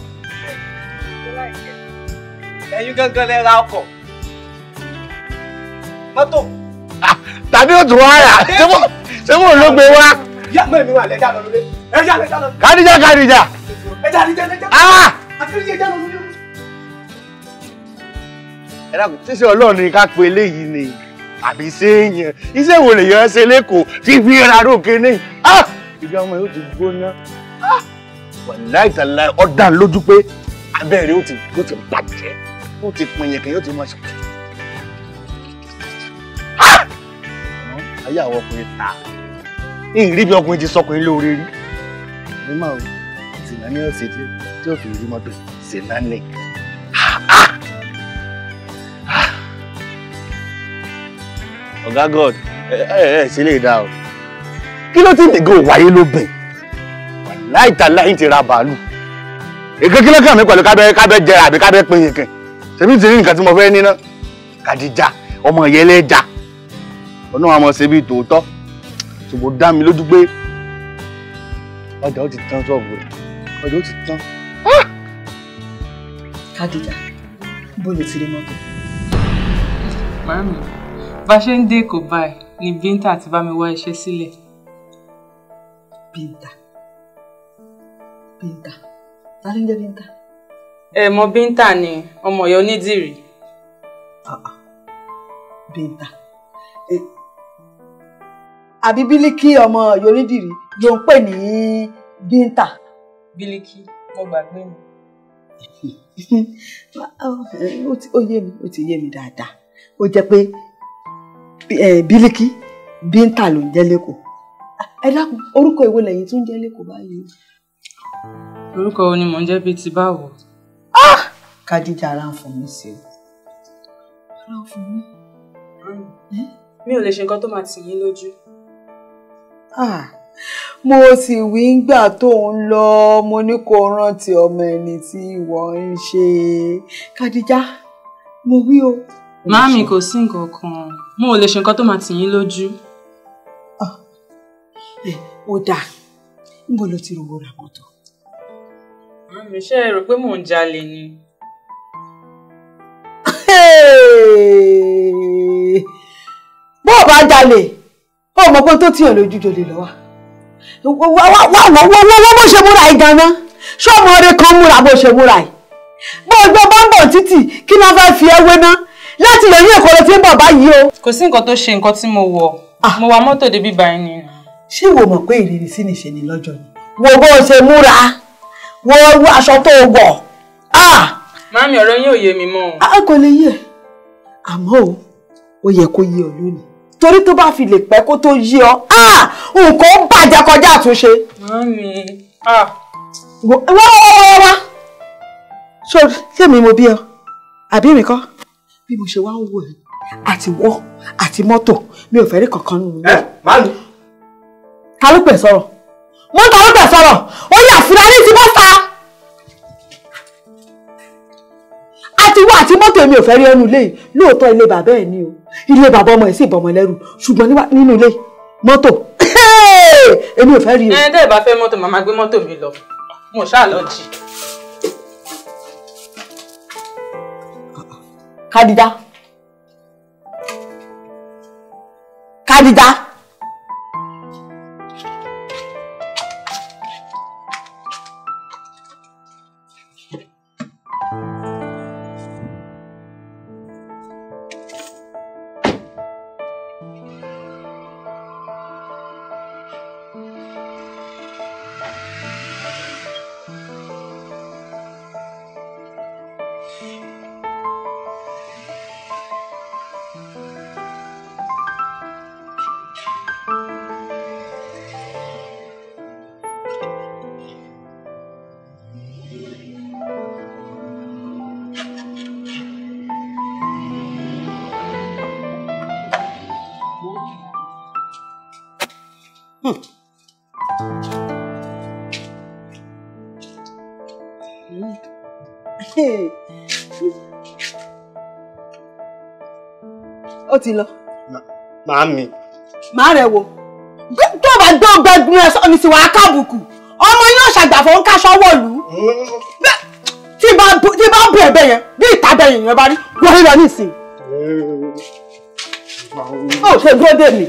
ẹ̀yin gangan lẹ ra ọkọ̀ mọ́tò. Ah, tàbí òtún wá rà ṣé mo ló gbé wá ìyá mọ́ èmi wà lẹ́jà lọ lóde ẹ̀jà lẹ́jà lọ. kàdíjà kàdíjà. ẹ̀jà lẹ́jà lẹ́jà. àtúndì ẹ̀jà lọ lóde. ẹ dàgbọ́ ṣíṣe ah! ọlọ́run ni ká pe eléyìí ni àbí séèyàn iṣẹ́ wo lè yọ ẹsẹ̀ lẹ́kọ̀ọ́ tí fi ra rókè ní. Ah! ìgbà ọmọ yóò ti gbóná ah! wàláì tàláì ọ̀dà lójú pé abẹ́rẹ́ yóò ti bàjẹ́ yóò ti pinyẹ̀kẹ́ yóò ti máa ṣàkóso. ayé àwọn ọkùnrin ta ìrírí bí ọkùnrin ti sọkùnrin lóore rí. mi máa ṣìnà ní ọ̀sẹ̀ tí tí ò fi rí mọ́tò ṣìnà ní. ọ̀gá god ẹ ẹ ṣe lè dá o kí ló ti dìgò wáyé ló bẹ̀ láìta láì ti ra bàálù èké kí ló kàn mí pẹ̀lú kábẹ́ kábẹ́ jẹ àbí kábẹ́ pin yìnkìn ṣèbí ti rí nǹkan tí mo fẹ́ níná kàdíjà ọmọ ìyẹlẹ́jà ọ̀nà àwọn ọmọ ṣe bí tòótọ́ ṣùgbọ́n dá mi lójú pé ọjà ó ti tán ṣọ́ọ̀bù rẹ̀ ọjà ó ti tán. Ah! kádìjà bó lè ti rí mọ́tò. màámi bá a ṣe ń dé èkó báyìí ni bínta àti bá mi wá iṣẹ́ sílẹ̀. bínta bínta ta ló ń jẹ́ bínta. ẹ mọ bínta ni ọmọ ọyọ onídìrí. Ah, ah. bínta. Uh -uh àbí bílíkì ọmọ yorídìrí ló ń pè ní bíńtà. bílíkì mo gbàgbé mi. ó yé mi ó ti yé mi dáadáa ó jẹ́ pé bílíkì bíńtà ló ń jẹ́ lẹ́kọ̀ọ́ ẹ dákun orúkọ ìwé lẹ́yìn tó ń jẹ́ lẹ́kọ̀ọ́ báyìí. orúkọ wo ni mò ń jẹ́ bíi ti báwo. Ah! kádíjà ara ń fún mi sí o. ara ń fún mi. Hmm? mi ò lè ṣe nǹkan tó máa tì yín lójú. Ah, mo sì wí ngbà tó ń lọ mo ní kó rántí ọmọ ẹni tí ìwọ ń ṣe Kàdíjà mo wí o. màámi kò sí nǹkan kan mo ò lè ṣe nǹkan tó máa tì yín lójú. Ah, eh, ó dáa níbo ló ti rówó ra mọ́tò. màámi rò pé mò ń jalè ni. bó o bá jalè ó mọ̀ pé tó tíyàn lójú jòlè lọ́wọ́ wá wá wá wá wá bó ṣe múra yìí gan-an ṣọ́ọ̀mù ọ̀rẹ́ kan múra bó ṣe múra yìí bó o gbọ́ bọ́ńbọ̀ títì kí náà fẹ́ fi ẹwé ná láti lè ní èkó lọ tí ń bọ̀ báyìí o. kò sí nǹkan tó ṣe nǹkan tí mo wọ̀ mo wa mọ́tò débi báyìí ni. ṣé ìwọ mọ̀ pé ìrírí sí nìṣe ni lọ́jọ́ ni wo bó o ṣe múra wo aṣọ tó o wọ̀. màámi ọ̀rọ̀ yín ò yé mi mọ́ o. a kò lè yé àmọ́ o ó yẹ kó yé ọ lónìí torí tó bá fi lè pẹ́ kó tó yí ọ ah, nǹkan ó bàjẹ́ kọjá àtúnṣe. mọ́mí wọ́n wọ́n wọ́n wá sórí sẹ́mi mo bí ọ àbí mi kọ́ bí mo ṣe wá ń wò ẹ́ àti wọ́ àti mọ́tò mi ò fẹ́ rí kankan nínú mi. ẹ máa lù. ta ló sọ̀rọ̀ mo ń sọ̀rọ̀ ó yà fúnra ní ti bọ́ fa. ti wá àti mọ́tò èmi ò fẹ́ rí ẹnu ilé yìí lóòótọ́ ilé bàbá ẹ̀ ni o ilé bàbá ọmọ ẹ̀ sì bọ̀ ọmọ ẹlẹ́rù ṣùgbọ́n nínú ilé mọ́tò èmi ò fẹ́ rí o. ẹ dẹ́ bá fẹ́ mọ́tò màmá gbé mọ́tò mi lọ mo ṣáà lọ jì. Kádìdá Kádìdá. ti lọ. màá mi. màá rẹ̀ wò tó o bá gbé ọgbẹ́ gun ẹ sọ́ni sí wàá kábùkù ọmọ yóò ṣàgbàfọ̀ ń káṣọ wọ̀lú tí bá bú ẹ̀bẹ̀ yẹn bí ìtàbẹ̀ yẹn bá rí wọ́n rí lọ nísìnyí. ó ṣe dúró dè mí.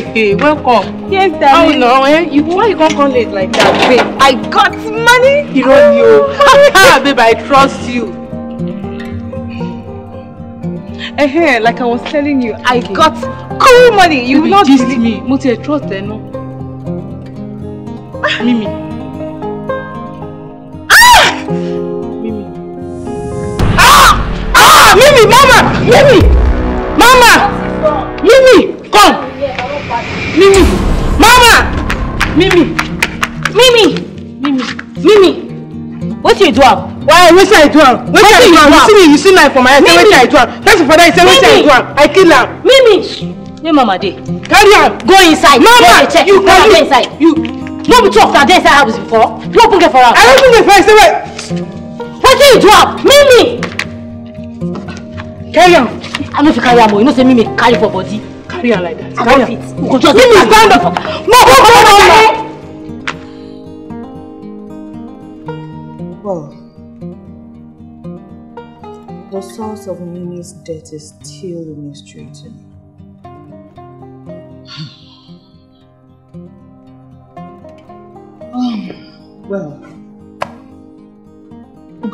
Hey, welcome. Yes, darling. How now? eh? You why you gonna come late like that, babe? I got money. You know you. babe, I trust you. Eh, uh -huh, like I was telling you, I okay. got cool money. You will not believe me. Mo ti trust ẹ no. up. Why? Which I do am? Which I do am? You see me, you see knife for my head. Which I do am? That's for that. Say which I do am? I kill am. Mimi. Hey, Mama, dey. Carry am. Go inside. Mama, you carry. Go inside. You. No be talk na dey inside house before. No open gate for am. I don't open gate for am. Say wait. Wetin you do am? Mimi. Carry am. I no fit carry am o. You know say Mimi carry for body. Carry am like that. Carry am. Mimi stand up. No, go, go, no. go. The source of Mimi's death is still a mystery to me. Um, well, We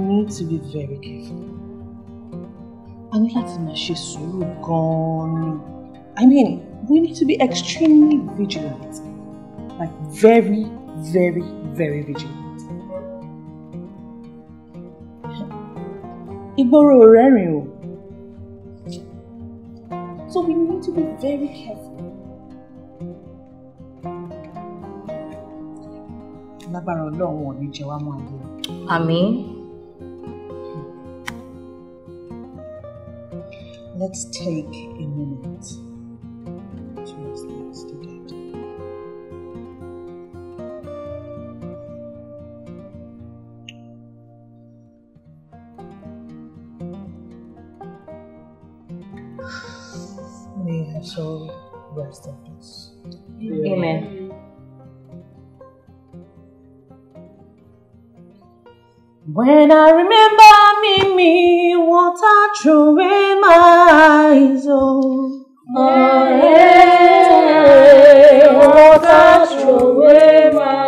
need to be very careful. I mean, we need to be extremely vigilant. Like very, very, very vigilant. gbọ́rọ̀ rẹ́rìn o. So we need to be very careful. Lágbára Ọlọ́run ò ní jẹ wá mọ́ àgbẹ̀. Àmín. Hmm. Let's take a When I remember Mimi, water through my eyes, oh, oh yeah, water my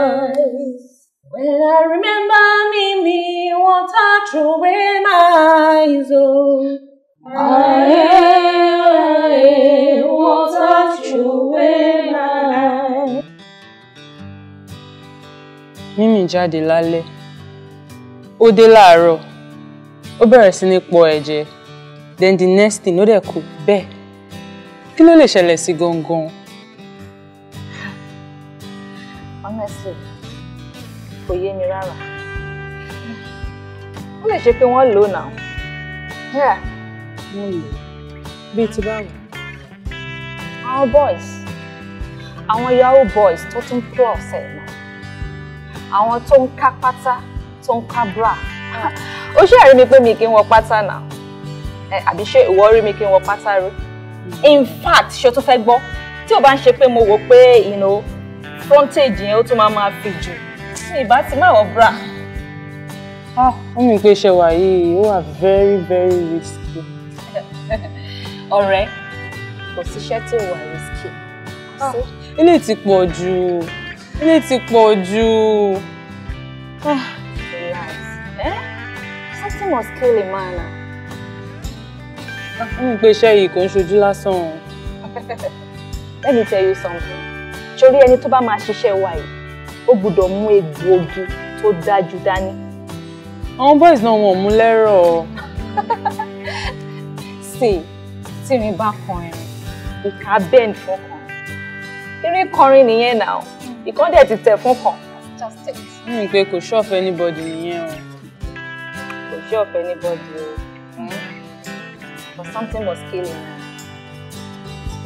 eyes. When I remember Mimi, water through my eyes, oh, oh yeah, water through my eyes. Mimi jáde lálẹ́ ó dé láàárọ̀ ó bẹ̀rẹ̀ sí ní pọ ẹ̀jẹ̀ then the next thing ó dẹ̀ kú bẹ́ẹ̀ kí ló lè ṣẹlẹ̀ sí gangan. honestly kò yé mi rárá ó lè ṣe pé wọ́n lò náà. wọ́n lò bíi ti báwo. àwọn boys àwọn yahoo boys tó tún cross ẹ̀ náà àwọn tó ń ká pátá tó ń ká bra ó ṣe àrí mi pé mi kì í wọ pátá náà àbí ṣé ìwọ rí mi kí n wọ pátá rí in fact ṣé o tún fẹ́ gbọ́ tí o bá ń ṣe pé mo wò pé you know frontage yẹn ó tún máa máa fi jù ní ìbá ti máa wọ bra. Ah, ó mi pé ṣe wà ó wà very very risky. ọ̀rẹ́ kò síṣẹ́ tí ò wà risky. Ah, ilé ti pọ̀ jù ilé ti pọ̀ jù. Ah. Eh? Something must kill a man. N pe iṣẹ́ yìí kò ń ṣojú lásán Let me tell you something. Torí ẹni tó bá máa ṣiṣẹ́ wa yìí, ó gbọ́dọ̀ mú egbòogi tó dájú dání. Àwọn boys náà wọn ò mú lẹ́rọ̀. Sì, tí mi bá kan ẹ̀rín, ìka bend fún kan. Eré kọrin nìyẹn náà, ìkọ́ndẹ̀ ti tẹ̀ fún kan. Just it. N pe kò ṣọ́ọ̀fù anybody nìyẹn o sure of anybody. Mm? But something was killing her.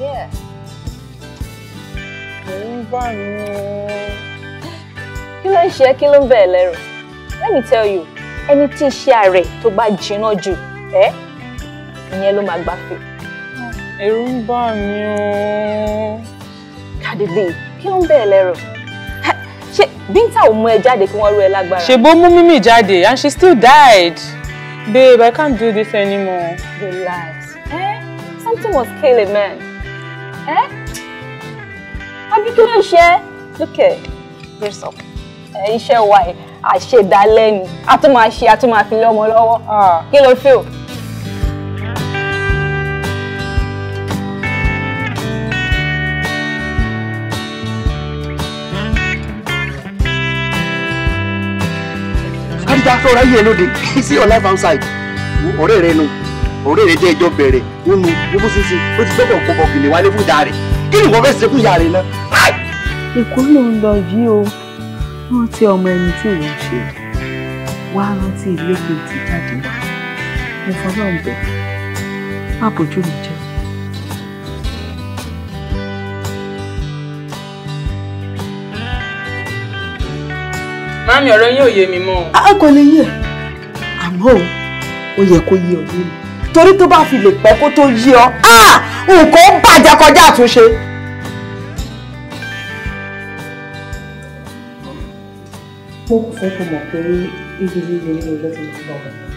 Yeah. Òun bá ṣe kí ló ń lẹ́rù? Let me tell you, ẹni tí iṣẹ́ rẹ̀ tó bá jiná jù, ẹ́ ìyẹn ló máa gbáfẹ́. Ẹ̀rù ń bà mí o. Kàdìdì, kí ló ń lẹ́rù? Binta ò mú ẹ jáde kí wọ́n rú ẹ lágbára. Ṣèbó mú Mímì jáde and she still died. Babe, I can't do this anymore. Relax. Eh? Something must kill a man. Eh? Àbí kí ló ṣe Look here. Brace up. Ẹ eh, iṣẹ́ wa ẹ̀ àṣedálẹ́ni. A tún máa ṣe, a tún máa fi lé ọmọ lọ́wọ́. Ah. Kí ló fẹ́ o? tó ráyè lóde see your life outside ọ̀rẹ́ rẹ nu ọ̀rẹ́ rẹ dé ẹjọ́ bẹ̀rẹ̀ nínú ibú sísìn ó ti gbọ́dọ̀ kó kìnìún wálé fún ìdá rẹ̀ kí ni wọ́n fẹ́ ṣe fún ìyá rẹ̀ náà. èkó ló ń lọ yìí o rántí ọmọ ẹni tí ìwọ ṣe wá rántí ilé kejì jáde wá mo fọlọ́ ń bẹ̀ má bójú mi jẹ́ Mami ọ̀rọ̀ yín ò yé mi mọ́. A kò lè yé ẹ̀. Àmọ́ o, ó yẹ kó yé ọ nínú. Torí tó bá fi lè pẹ́ kó tó yé ọ, nǹkan ó bàjẹ́ kọjá àtúnṣe. Mo kò fẹ́ kó mọ̀ pé ibi líle nínú ilé ti máa ń bọ̀.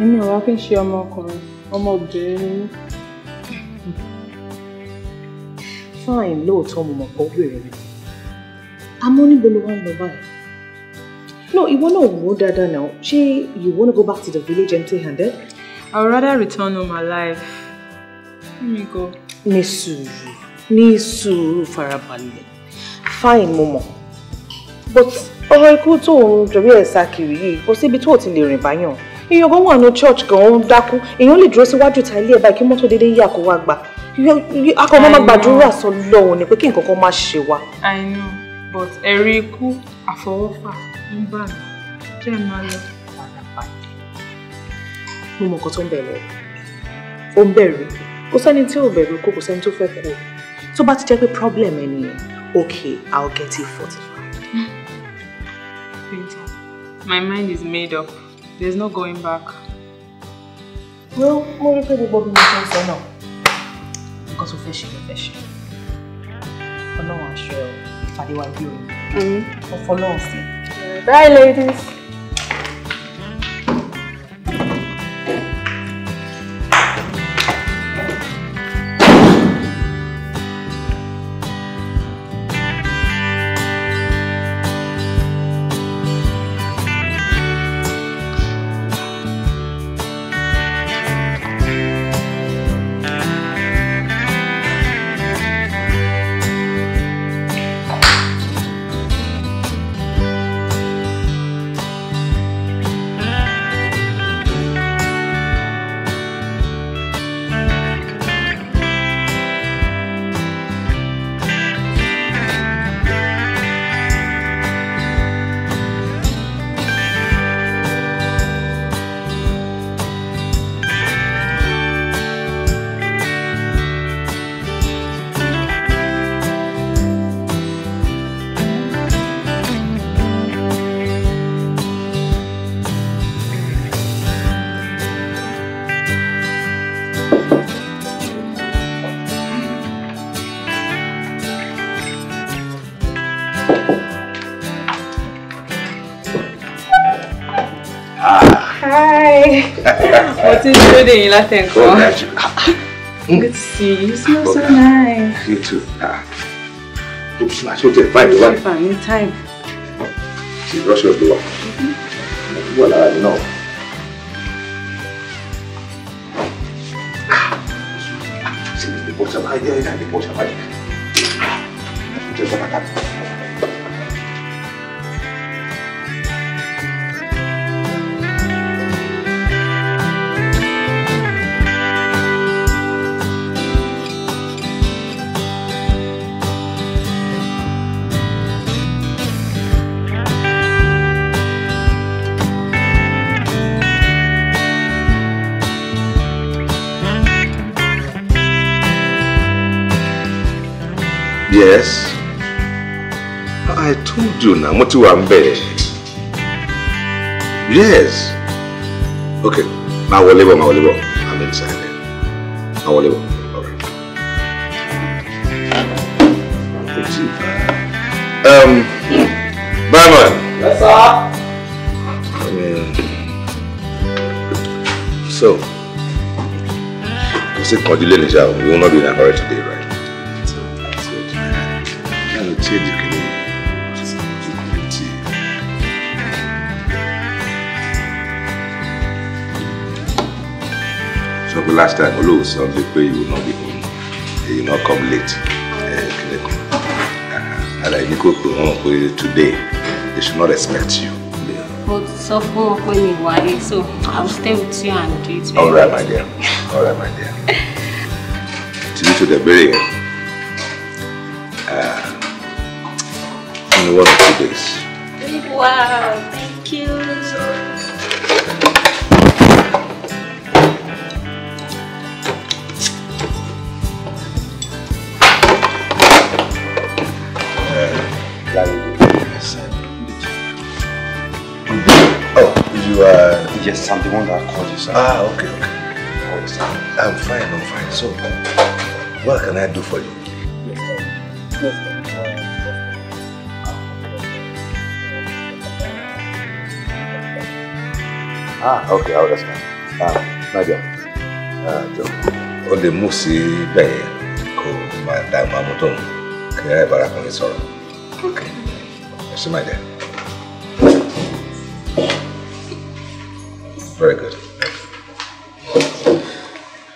Èmi ò wá kí n ṣe ọmọkùnrin, ọmọbìnrin ni mí. Fáìn lóòótọ́ mo mọ̀ pé ó bèrè mi àmọ́ níbo ló wá ń lọ báyìí. no ìwọ náà wò ó dáadáa náà ṣé you wanna go back to the village empty handed. I would rather return home alive. let me go. ní sùúrù ní sùúrù farabalẹ̀ fine mo mọ̀ but ọ̀rọ̀ ikú tó ń jọ̀bí ẹ̀ sá kiri yìí kò síbi tó ti lè rìn báyàn èèyàn kan wà ní church kan ó ń dákú èèyàn lè dúró síwájú ta ilé ẹ̀ báyìí kí mọ́tò dédé yà kó wá gbà akọ mọ́ gbàdúrà sọ lọ́wọ́ ni pé kí nǹkan kan má ṣe wa. I know but ẹ̀rí ikú àfọwọ́fà ń bà mí jẹ́ ẹ̀ máa lọ. mo mọ nǹkan tó ń bẹ̀rẹ̀ ó ń bẹ̀rù ikú kò sẹ́ni tí ò bẹ̀rù ikú kò sẹ́ni tó fẹ́ kú tó bá ti jẹ́ pé problem ẹ nìyẹn okay I'll get it fortified. Peter, my mind is made up there's no going back. well mo rí pé gbogbo bí mo ṣe ń sọ náà nǹkan tó fẹ́ ṣe ló fẹ́ ṣe ọlọ́run aṣọ ẹ̀ Fadiwa Yuri. Mm. for Bye, ladies. Since you're ah, ah. Good to see you. You smell so nice. You too. You smash it. Fine, fine. Fine, time. Oh, She's rushing up the mm-hmm. Well, I know. Yes. I told you now, Moti Wambe. Yes. Okay, now we'll leave, we'll leave. I'm inside. Now we'll leave. Alright. Um, Barman. Yes, sir. Um, so, you said Cordelia Nija, we will not be in a hurry today, right? sọ pé last time olóòwò sọ the pé you will not be home you will not come late I àlàyé ní kò home wọn pé today they should not expect you. But sọ fún wọn pé worry, so i will stay with you and do it. all right my dear all right my dear. tìbí tó the burial, yẹn only eh, one or two days. wow. Yes, I'm the one that called you, sir. Ah, okay, okay. How I'm fine, I'm fine. So, what can I do for you? Ah, okay, I understand. Ah, Nadia, ah, jọ, Only Musi Bay. sí my kó máa dá ìmọ̀ àmútọ̀ kí ẹ bára kan lè sọ̀rọ̀. Ok. Ẹ ṣe Very good.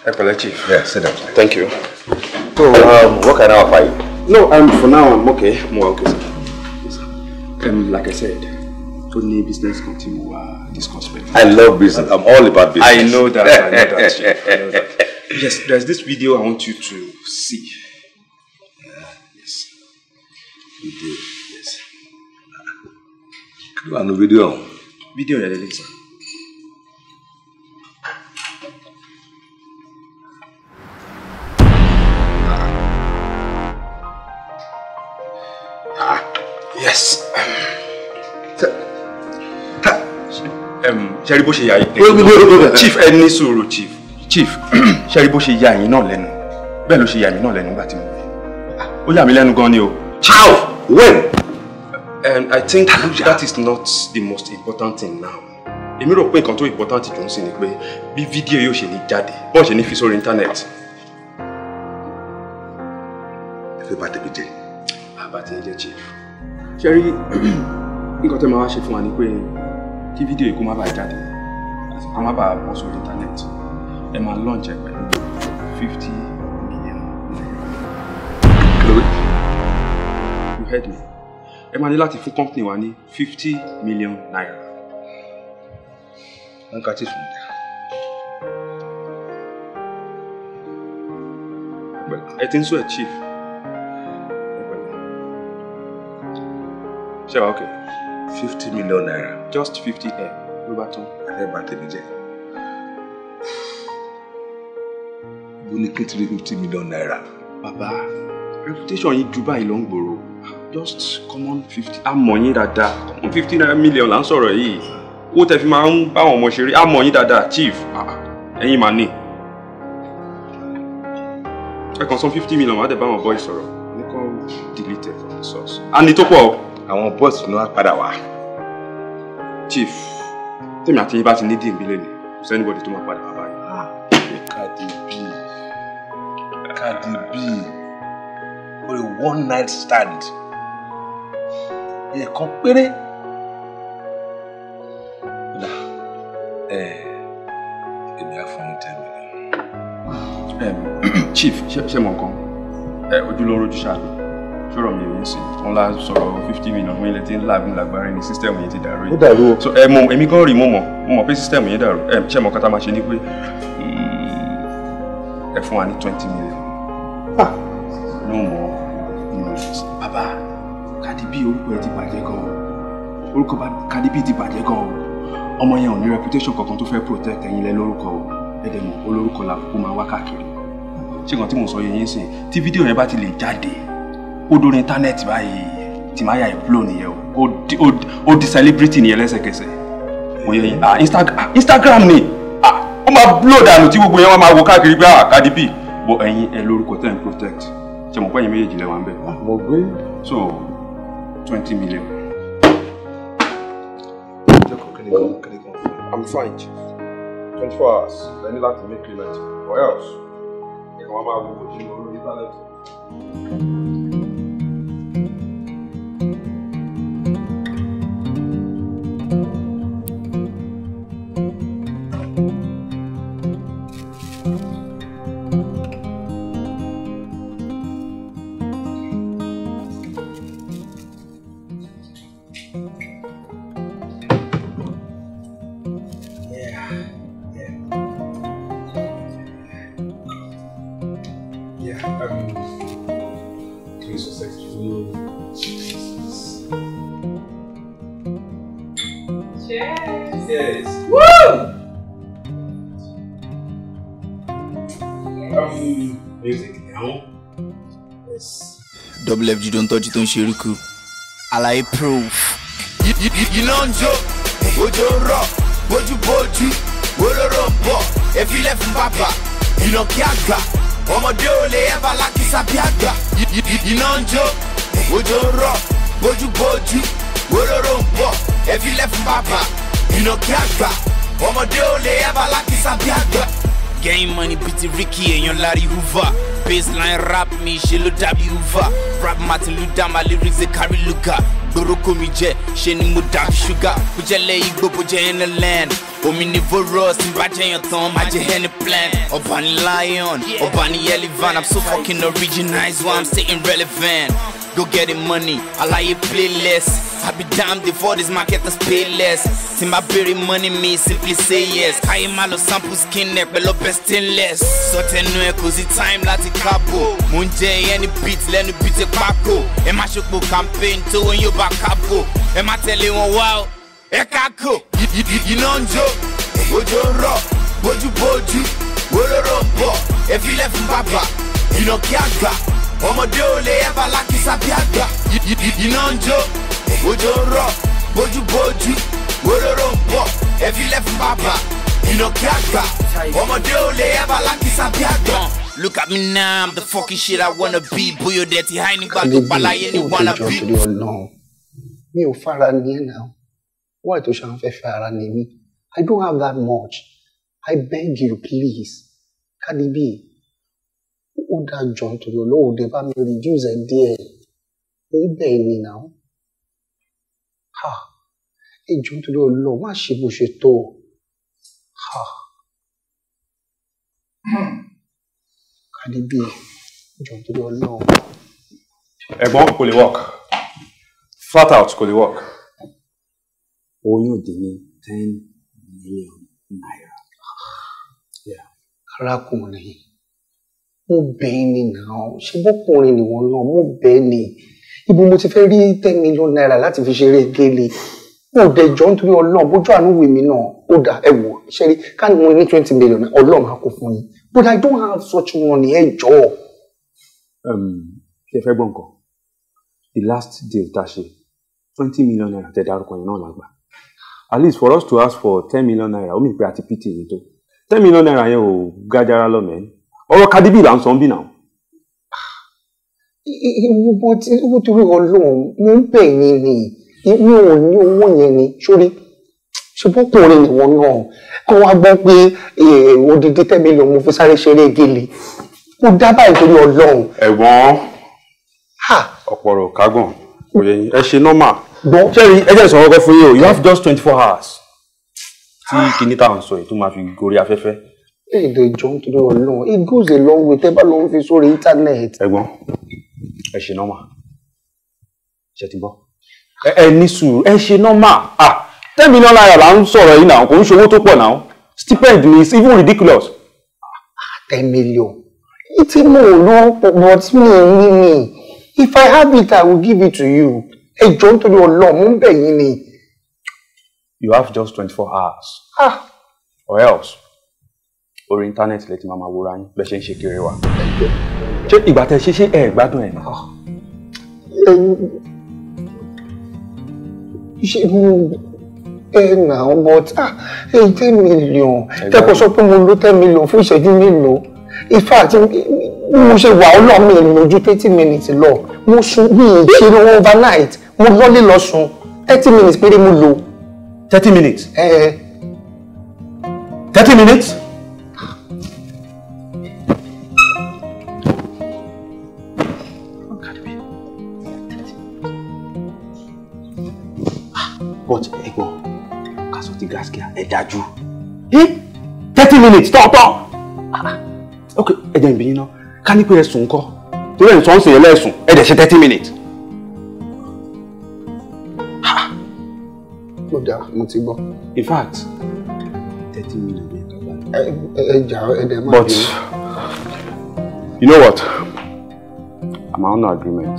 Epele Chief. Yeah, sit down. Please. Thank you. So, um, what can I offer you? No, um, for now I'm okay. More okay, sir. Yes, sir. Um, like I said, only business continue uh, discuss with I love business. I'm all about business. I know that. I know that, Chief. I know that. Yes, there's this video I want you to see. Uh, yes. Video, yes. Ano video? Video, yeah, sir. yes. Um, ṣe rí bó ṣe yà yín. chief ẹ ní sùúrù chief chief ṣe rí bó ṣe yà yín náà lẹ́nu bẹ́ẹ̀ ló ṣe yà mí náà lẹ́nu nígbà tí mo rí ó yà mí lẹ́nu gan ni o. how when. Um, I think that is not the most important thing now. Èmi rò pé nǹkan tó important jù ń sìn ni pé bí fídíò yóò ṣe ní jáde, bó ṣe ní fi sórí íńtánẹ́ẹ̀tì. Ẹ fẹ́ bá tẹ̀bi jẹ. Àbá ti ń jẹ́ chief. Sherry, rí nǹkan tẹ́ máa wá ṣe fún wa ni pé kí fídíò yìí kó má bàa jáde àti kó má bàa bọ́ sórí íńtánẹ́ẹ̀tì ẹ launch ẹ pẹ̀lú fifty million naira. Chloe you heard me ẹ máa ní láti fún company wa ní fifty million naira. wọ́n ka tí sùn dá. ẹ ti ń sọ ẹ chief. ṣé wàá okay. fifty million naira. just fifty ẹ eh, ló bá tán. alẹ́ bá tèmi jẹ́ bó ní kí fifty million naira. bàbá reputation yìí ju báyìí lọ ń gbòòrò just common fifty àmọ̀ yín dáadáa common fifty naira million là ń sọ̀rọ̀ yìí owó tẹ fi máa ń báwọn ọmọ ṣeré àmọ̀ yín dáadáa chief ẹ̀yin máa ní ẹ kàn san fifty million wà á dẹ̀ bá boys sọ̀rọ̀ ní kò deleted from the source. a ní tó pọ̀ o àwọn bọ́ọ̀sì ni wọ́n á padà wá chief tèmi àti yín bá ti ní dì mí lẹ́nu kò sẹ́ni bọ́dì tó máa padà wá báyìí. Ah, Cardi B Cardi B for a one night stand ẹ̀ẹ̀kan péré. Kódà èmi á fún tẹ̀mí. Chief ṣe mọ̀ nǹkan ojú ló ń rojú ṣáà sọ̀rọ̀ mi ò ní sìn wọn la sọ̀rọ̀ fifty million wọn ilẹ̀ tí ń làágùn làgbára ẹni sísítẹ̀mù yẹn ti dàrú yìí. ó dàrú o. so ẹ mọ èmi gan rí mo mọ mo mọ pé sísítẹ̀mù yẹn dàrú ẹ ṣe mọ kátà máa ṣe ni pé mm, ẹ fún wa ní twenty million. ló mọ bàbá Cardi B orúkọ ẹ ti bàjẹ́ gan orúkọ Cardi ti bàjẹ́ gan ọmọ yẹn ò ní reputation kankan tó fẹ́ protect ẹ̀yin lẹ lórúkọ ẹ̀dẹ̀mọ̀ olórúkọ làkúkú máa wá káàkiri ṣé kan tí mo sọ yẹn yín sìn tí fídíò yẹn bá ti lè jáde ó dórí íńtánẹ́ẹ̀tì báyìí tí máa yà ìfúlò nìyẹn o ó di celebrity nìyẹn lẹ́sẹ̀kẹsẹ̀ mo yẹ ah, ah Instagram ni ah ó máa blow dànù tí gbogbo yẹn wọ́n máa wo káàkiri pé ah Cardi B bọ ẹ̀yin ẹ lórúkọ tẹ́ ń protect ṣe mọ̀ pé ẹ̀yin méjèèjì lẹ́wọ̀n ń bẹ̀. Ah, mo gbé. so twenty million. I'm fine chief twenty four hours lẹ́ni láti make payment or else ẹ̀ka wọn máa wo ojú lórí internet. WFG tó ń tọ́jú tó ń ṣe eruku àlàyé proof. iná ń jó òjò ń rọ̀ bójúbójú wóróró ń bọ̀ efilẹ̀ fún bàbà ìnàkí àgbà ọmọdé ò lè ẹ́ bá lákìsà bí àgbà. iná ń jó òjò ń rọ̀ bójúbójú wóróró ń bọ̀ efilẹ̀ fún bàbà ìnàkí àgbà ọmọdé ò lè ẹ́ bá bí àgbà. gẹ́yìn mọ́ni bíi ti ríkì èèyàn lárí húvà. Baseline rap mi, ṣe ló Rap Martin Luther, my lyrics they carry luga. Gbòròkó mi jẹ, ṣe ni mo sugar. ṣúgà. Bó jẹ́ lẹ́yìn igbó, bó jẹ́ in the land. Omnivorous, ìbàjẹ́yàn tán, má jẹ́ any plan. Obani lion, Obani ni I'm so fucking original, why I'm staying relevant. Go get the money, like your playlist. I be damned if all these marketers pay less. See my berry money, me simply say yes. Káyé máa lọ sample skin but pẹ̀lú best stainless. Sọtẹnu ẹ 'cause sí time láti kábò. Mo ń jẹ ẹni beat me beat ẹ pákó. Ẹ má ṣòpò campaign to when tó wọn yóò bá kábò. Ẹ má tẹ̀lé wọn wá o. You kákò. Iná ń jó, òjò ń rọ̀, bójúbójú, wóróró ń bọ̀. Ẹ filẹ̀ fún bàbá, ìnàkí àgbà. Ọmọdé ò lè ẹ bá lákìsà bí àgbà. You ń jó òjò ń rọ̀ bójúbójú wóróró ń bọ̀ ẹ̀fílẹ̀ fún bàbá ìnàkí àgbà ọmọdé ò lè yábà lákìsà bí àgbà. Look at me now, I'm the fucking shit I wanna be. Bóyá dẹ̀ ti háì nígbà tó palayé ni wanna be. Mi ò fara ní ẹ̀ náà. Wọ́n ètò ṣe àwọn fẹ́ fẹ́ I don't have that much. I beg you please. Cardi B, ó dáa jọ̀ nítorí olóòde bá mi reduce ẹ̀ díẹ̀. Ó bẹ́ẹ̀ ni náà ìjọ nítorí Ọlọ́run má ṣe work flat out kò lè work. oyún ten million naira. arákùnrin mo bẹ́ẹ̀ ni náà ṣé bọ́kùnrin ni wọ́n náà mo bẹ́ẹ̀ ibo mo ti fẹ́ rí ten million naira láti fi ṣeré gẹ́lẹ́ ó dẹjọ́ nítorí ọlọ́run bójú àánú wì mí náà ó dà ẹ wò ṣẹ́rí ká ní mo ní twenty million ọlọ́run á kó fún yín but i don't have such money ẹ jọ̀ọ́. ṣe fẹ́ gbọ́ nǹkan the last deal tá ṣe twenty million naira tẹ dárúkọ yẹn náà la at least for us to ask for ten million naira ó mì pé àti pt yìí e ten million naira yẹn ò gájára lọ́mẹ́ẹ́ ọ̀rọ̀ kadibí là ń sọ ń bì náà ìwọ tí owó torí Ọlọ́run mo ń bẹ̀ ni mi ò ni sórí ṣùgbọ́n ọkùnrin nìwọ náà kó odidi tẹ́mi lòun mo fi sáré ṣeré gèlè mo dábàá ìtorí Ọlọ́run. ẹ̀gbọ́n ọ̀pọ̀rọ̀ kágàn kò yẹ yín ẹ ṣe nọ́mà. ṣẹ́ni ẹ jẹ́ ìsọ̀rọ̀ ọkọ fún yín o you have just twenty four hours tí kinní táwọn sọ yìí tó máa fi gorí afẹ́fẹ́ èdè ìjọ nítorí Ọlọ́run it goes a long way tẹ́ bá lọ fi sórí íńtánẹ́ẹ̀tì. ẹ̀gbọ́n ẹ ṣe nọ́mà ṣe ti gbọ́ ẹ ní sùúrù ẹ ṣe nọ́mà ah ten million naira là ń sọ̀rọ̀ yìí náà kò ń ṣòwò tó pọ̀ náà stipend ni it's even ridiculous. ten million ìtí mo lọ but mi ní ni if i have it i will give it to you ẹ jọ nítorí Ọlọ́run mo ń bẹ̀ ni. you have just twenty four hours. ah or else orí íńtánẹ́ẹ̀tì lẹ́tí máa ma wòra yín bẹ́ẹ̀ ṣe ń ṣe kiri wa. ṣé ìgbà tẹ ṣe ṣé ẹ gbádùn ẹ̀ náà. Ah. ṣé mo ẹ nà ó but ah, ẹ ten million tẹkọ sọ pé mo ló ten million fún ìṣẹ́jú mélòó in fact mo ṣe wà ọlọ́mọ ẹ̀ lójú thirty minutes lọ mo sùn bí ìṣeré overnight mo lọ́lé lọ sùn thirty minutes péré mo lò. thirty minutes. thirty minutes. kíá ẹ dájú. thirty minutes tọ́ọ̀tọ̀ ah, ah. ok ẹ jẹ́ ìbí yín náà ká ní pé ẹ̀sùn ńkọ́ torí ẹ̀ ń sọ ń sèyẹ lẹ́sùn ẹ̀ dẹ̀ ṣe thirty minutes. Ah, ó dáa mo ti gbọ́. in fact thirty minutes ni ẹ jà ẹ dẹ̀ máa bí. but you know what i'm on agreement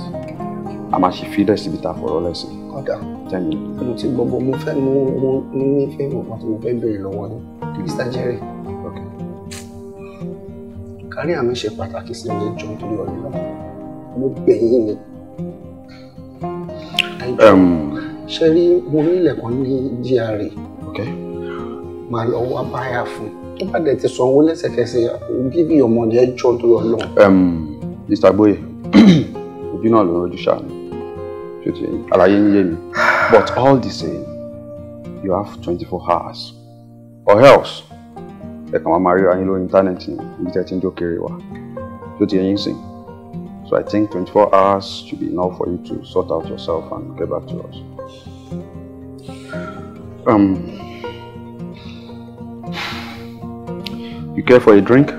i'm actually feel less bitter for all lesson ọ̀dà jẹ́mi mo ti gbọ́gbọ́ mo fẹ́ mo mo ní fẹ́ràn kan tí mo fẹ́ béèrè lọ́wọ́ ni Mr. Jerry kárí àmì ṣe pàtàkì sí mi jọ nítorí ọ̀rẹ́ náà mo gbẹ̀yìn ni. ṣe rí mo rí ilẹ̀kùn ní GRA máa lọ wá báyà fún tó bá dẹ̀ ti sanwó lẹ́sẹ̀kẹsẹ̀ bíbí ọmọ ni ẹ jọ nítorí ọlọ́run. Mr. Boye òbí náà ló ń rojú ṣàánú tó but all the same you have twenty four hours or else ẹ kàn máa you ríra yín lórí íńtánẹ́ẹ̀tì níbi tẹ́ ti ń dókèrè wa tó ti yẹn so I think twenty four hours should be enough for you to sort out yourself and get back to us. Um, you care for a drink?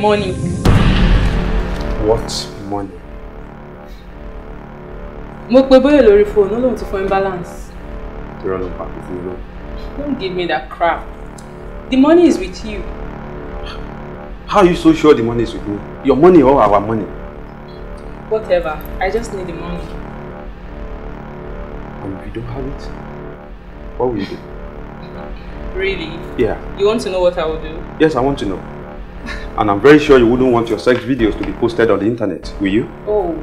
money. What money? Mo pe Bóyè lórí phone, ó lóun ti fún imbalance. You're on back with me, Don't give me that crap. The money is with you. How are you so sure the money is with me? Your money or our money? Whatever. I just need the money. And if you don't have it, what will you do? Really? Yeah. You want to know what I will do? Yes, I want to know. And I'm very sure you wouldn't want your sex videos to be posted on the internet, will you? Oh,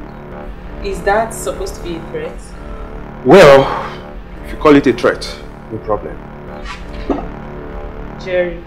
is that supposed to be a threat? Well, if you call it a threat, no problem. Jerry.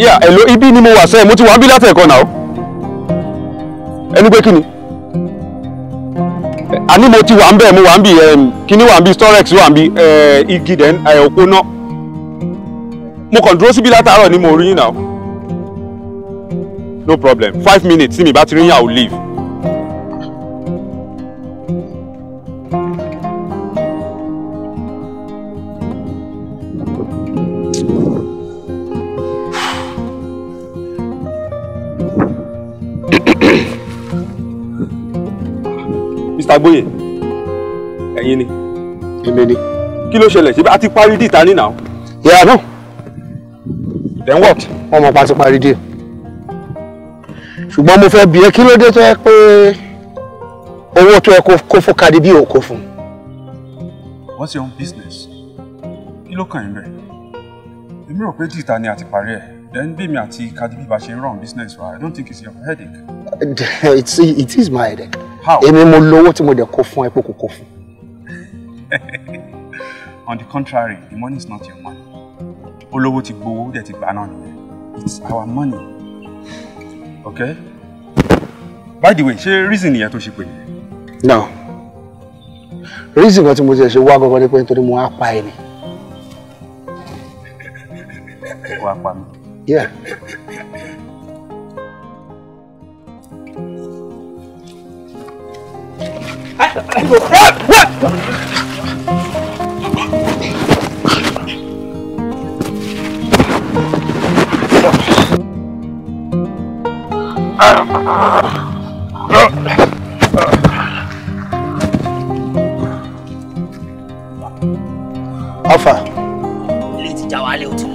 yà èlò ibi ni mo wà sẹ́yìn mo ti wà ń bí látẹ̀kọ́ náà ẹni pé kí ni àní mo ti wà ń bẹ̀ mo wà ń bí um, kíní wà ń bí storex wà ń bí eh, igi dẹ̀ eh, òpó náà mo kàn dúró síbi látàárọ̀ ni mo rí yín náà no problem five minutes tí mi bá ti rí yín i will leave. Adéboyè ẹ̀yin ni. èmi ni. kí ló ṣẹlẹ̀ ṣe bá a ti parí dì ta ní now. yàrá náà. then what. wọ́n mọ̀ pa ti parí dì. ṣùgbọ́n mo fẹ́ bi ẹ́ kí ló dé tó yẹ pé owó tó yẹ kó fún Cardi B ò fún. what's your own business kí ló kàn yín bẹ́ẹ̀ èmi rò pé dì ta ni a ti parí ẹ̀. Then be me Cardi B bá ṣe run business wa, I don't think it's your headache. It's, it is my headache. How? Èmi mo lówó tí mo dẹ̀ kó fún epo kò kó On the contrary, the money is not your money. Olówó ti gbowó de ti gbà náà nìyẹn. It's our money. Okay? By the way, ṣé reason nìyẹn tó ṣe pè No. Reason kan tí mo ti ṣe wá gọ́gọ́ ni pé nítorí mo á pa ẹni. Wàá pa mi. 哎哎，我我。啊！阿凡，你这家伙牛气！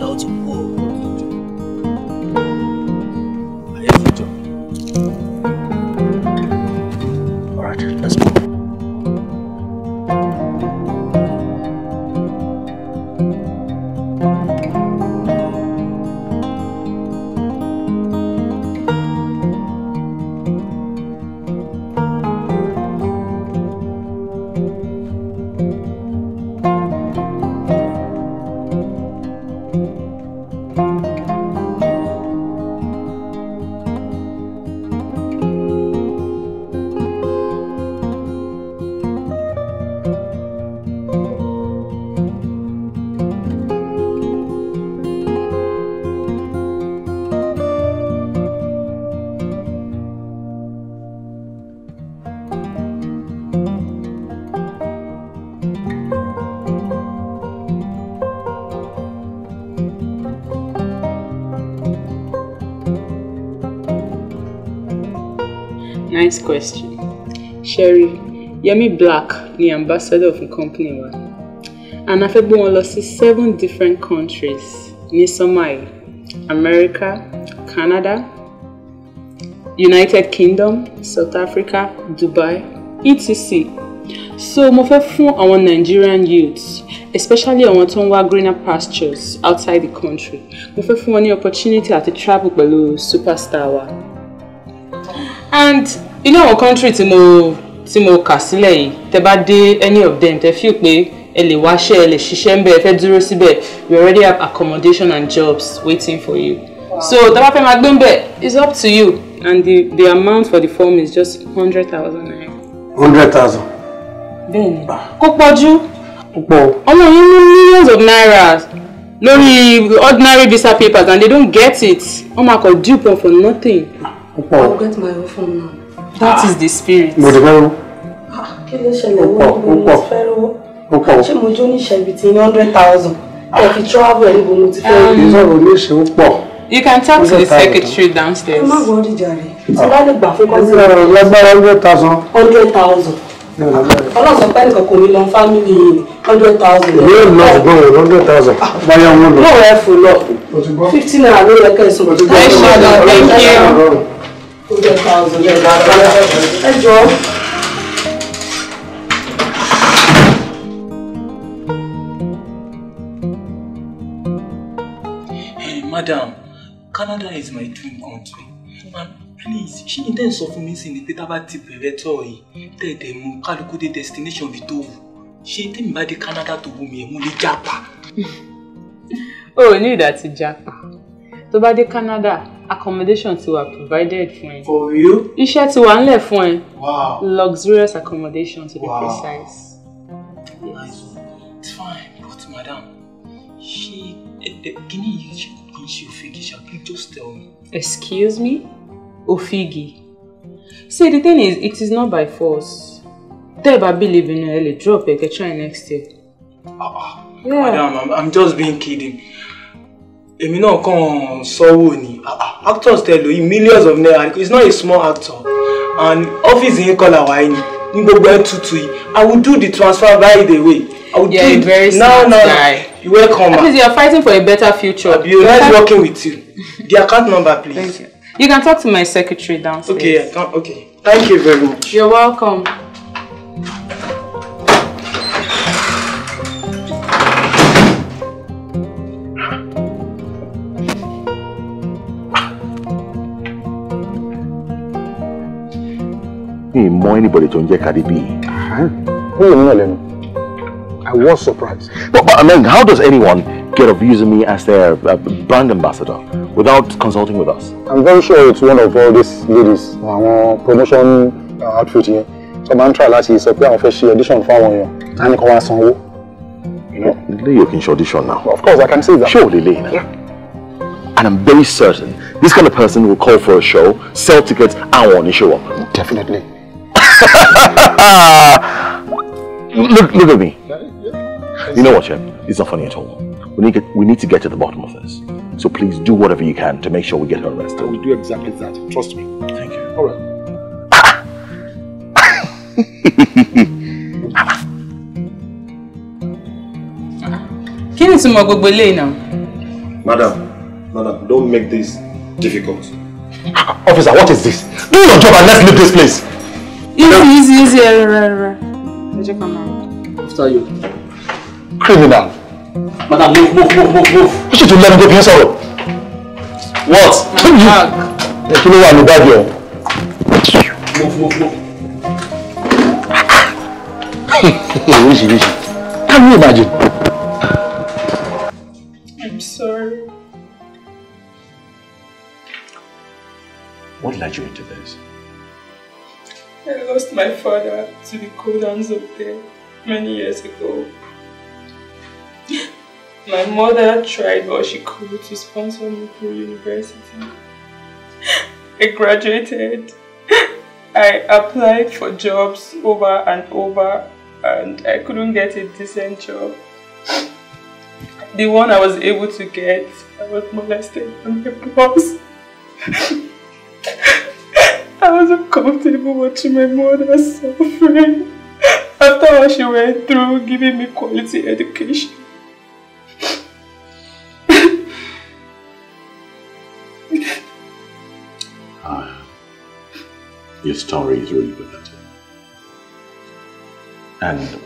this question. Sherry, Yemi Black ni ambassador fún company wa. And a fẹ́ gbé wọn lọ sí seven different countries ní sọ́mà America, Canada, United Kingdom, South Africa, Dubai, etc. So mo fẹ́ fún àwọn Nigerian youths especially àwọn tó ń wá greener pastures outside the country mo fẹ́ fún wọn ní opportunity àti travel pẹ̀lú superstar wa. And inú àwọn country tí mo tí mo kà sílẹ̀ yìí tẹ bá dé any of them tẹ feel pé ẹ lè wáṣẹ́ ẹ lè ṣiṣẹ́ ń bẹ̀ ẹ fẹ́ dúró síbẹ̀ we already have accommodation and jobs waiting for you so tẹ bá fẹ́ máa gbé ń bẹ̀ it's up to you and the the amount for the form is just hundred thousand naira. hundred thousand. bẹ́ẹ̀ni ah. kó pọ̀jù. púpọ̀. ọmọ yìí ní millions of naira lórí ordinary visa papers and they don't get it wọ́n máa kọ dupe for nothing. púpọ̀. I will get my own phone now. That is the spirit. Mo ti fẹ́ rú. Kí ló ṣẹlẹ̀ ní ibi mo ti fẹ́ rú? Ṣé mo jó ní ìṣẹ̀bi ti ní hundred thousand? Ẹ fi travel ẹ̀ níbo mo ti fẹ́ rú? Ìṣòro ní ìṣòro pọ̀. You can talk to the secretary downstairs. Ẹ má gbọ́ dìjà rẹ̀. Tí ah. bá lè gbà fún kọ́sìmù. Ẹ lágbára hundred thousand. hundred thousand. Ọlọ́run sọ pé nìkan kò ní lọ fámìlì hundred thousand. Ìwé ìlú náà gbọ́n rẹ̀ hundred thousand. Ah. Báyọ̀ wọn lọ. Lọ́wọ́ ẹ fò lọ. Fifteen naira ló yẹ kẹ́sùn. Ẹ ṣe ọ̀dọ̀ thank you two Madam, Canada is my dream country. And please she intends tẹ́ ń sọ fún mi sí ni pé tá a bá ti bẹ̀rẹ̀ tọ̀ yìí tẹ̀dẹ̀ mu destination bíi tó wù ṣé tèmi bá dé Canada to go me a mú lè jápa. Hmm. o ò ní ìdá ti jápa tó bá Canada accommodation to wà provided fún for you. You share to ńlẹ̀ fún wow luxurious accommodation to be wow. precise. nice it's fine but madam she, gini yìí ṣe kò ń ṣe òfìgì shall. you just tell me. excuse me òfìgì see the thing is it is not by force tẹ́ ẹ believe in ẹ drop ẹ kẹ́ try next year. ah ah yeah. madam i'm, I'm just being kidding èmi náà kàn so ni actors tell you millions of naira it's not a small actor and office in color wine. yìí ní gbogbo ẹ̀ tutù i will do the transfer by the way i will yeah, do it very now now you welcome ma. you are fighting for a better future. abi nice working with you the account number please. Thank you. you can talk to my secretary downstairs. okay yeah, okay thank you very much. you're welcome. mọ anybody tó ń Cardi B. ó uh-huh. lè I was surprised. But but I mean, how does anyone get of using me as their uh, brand ambassador without consulting with us? I'm very sure it's one of all these ladies àwọn promotion uh, outfit yẹn tó máa ń try láti sọ pé àwọn fẹ́ ṣe audition fún àwọn èèyàn á ní kó wá sanwó. Leo can audition now. Well, of course, I can see that. Sure, Lily. Yeah. And I'm very certain this kind of person will call for a show, sell tickets, and want to show up. Definitely. look, look at me. You know what, Chef? It's not funny at all. We need, to, we need to get to the bottom of this. So please do whatever you can to make sure we get her arrested. I will do exactly that. Trust me. Thank you. All Can you túmọ̀ gbogbo eléyìí Madam, madam, don't make this difficult. Officer, what is this? Do your job and let's leave this place. Easy, easy, easy. After you. Criminal. Madam, move, move, move, move, move. You should let me go, please. What? Back. You know what? I'm bad here. Move, move, move. Rishi, Rishi. Can you imagine? I'm sorry. What led you into this? I lost my father to the cold hands of death many years ago. My mother tried all she could to sponsor me through university. I graduated. I applied for jobs over and over and I couldn't get a decent job. The one I was able to get, I was molested by my boss. wasn't comfortable watching my mother suffering after what she went through giving me quality education. ah, your story is really pathetic. And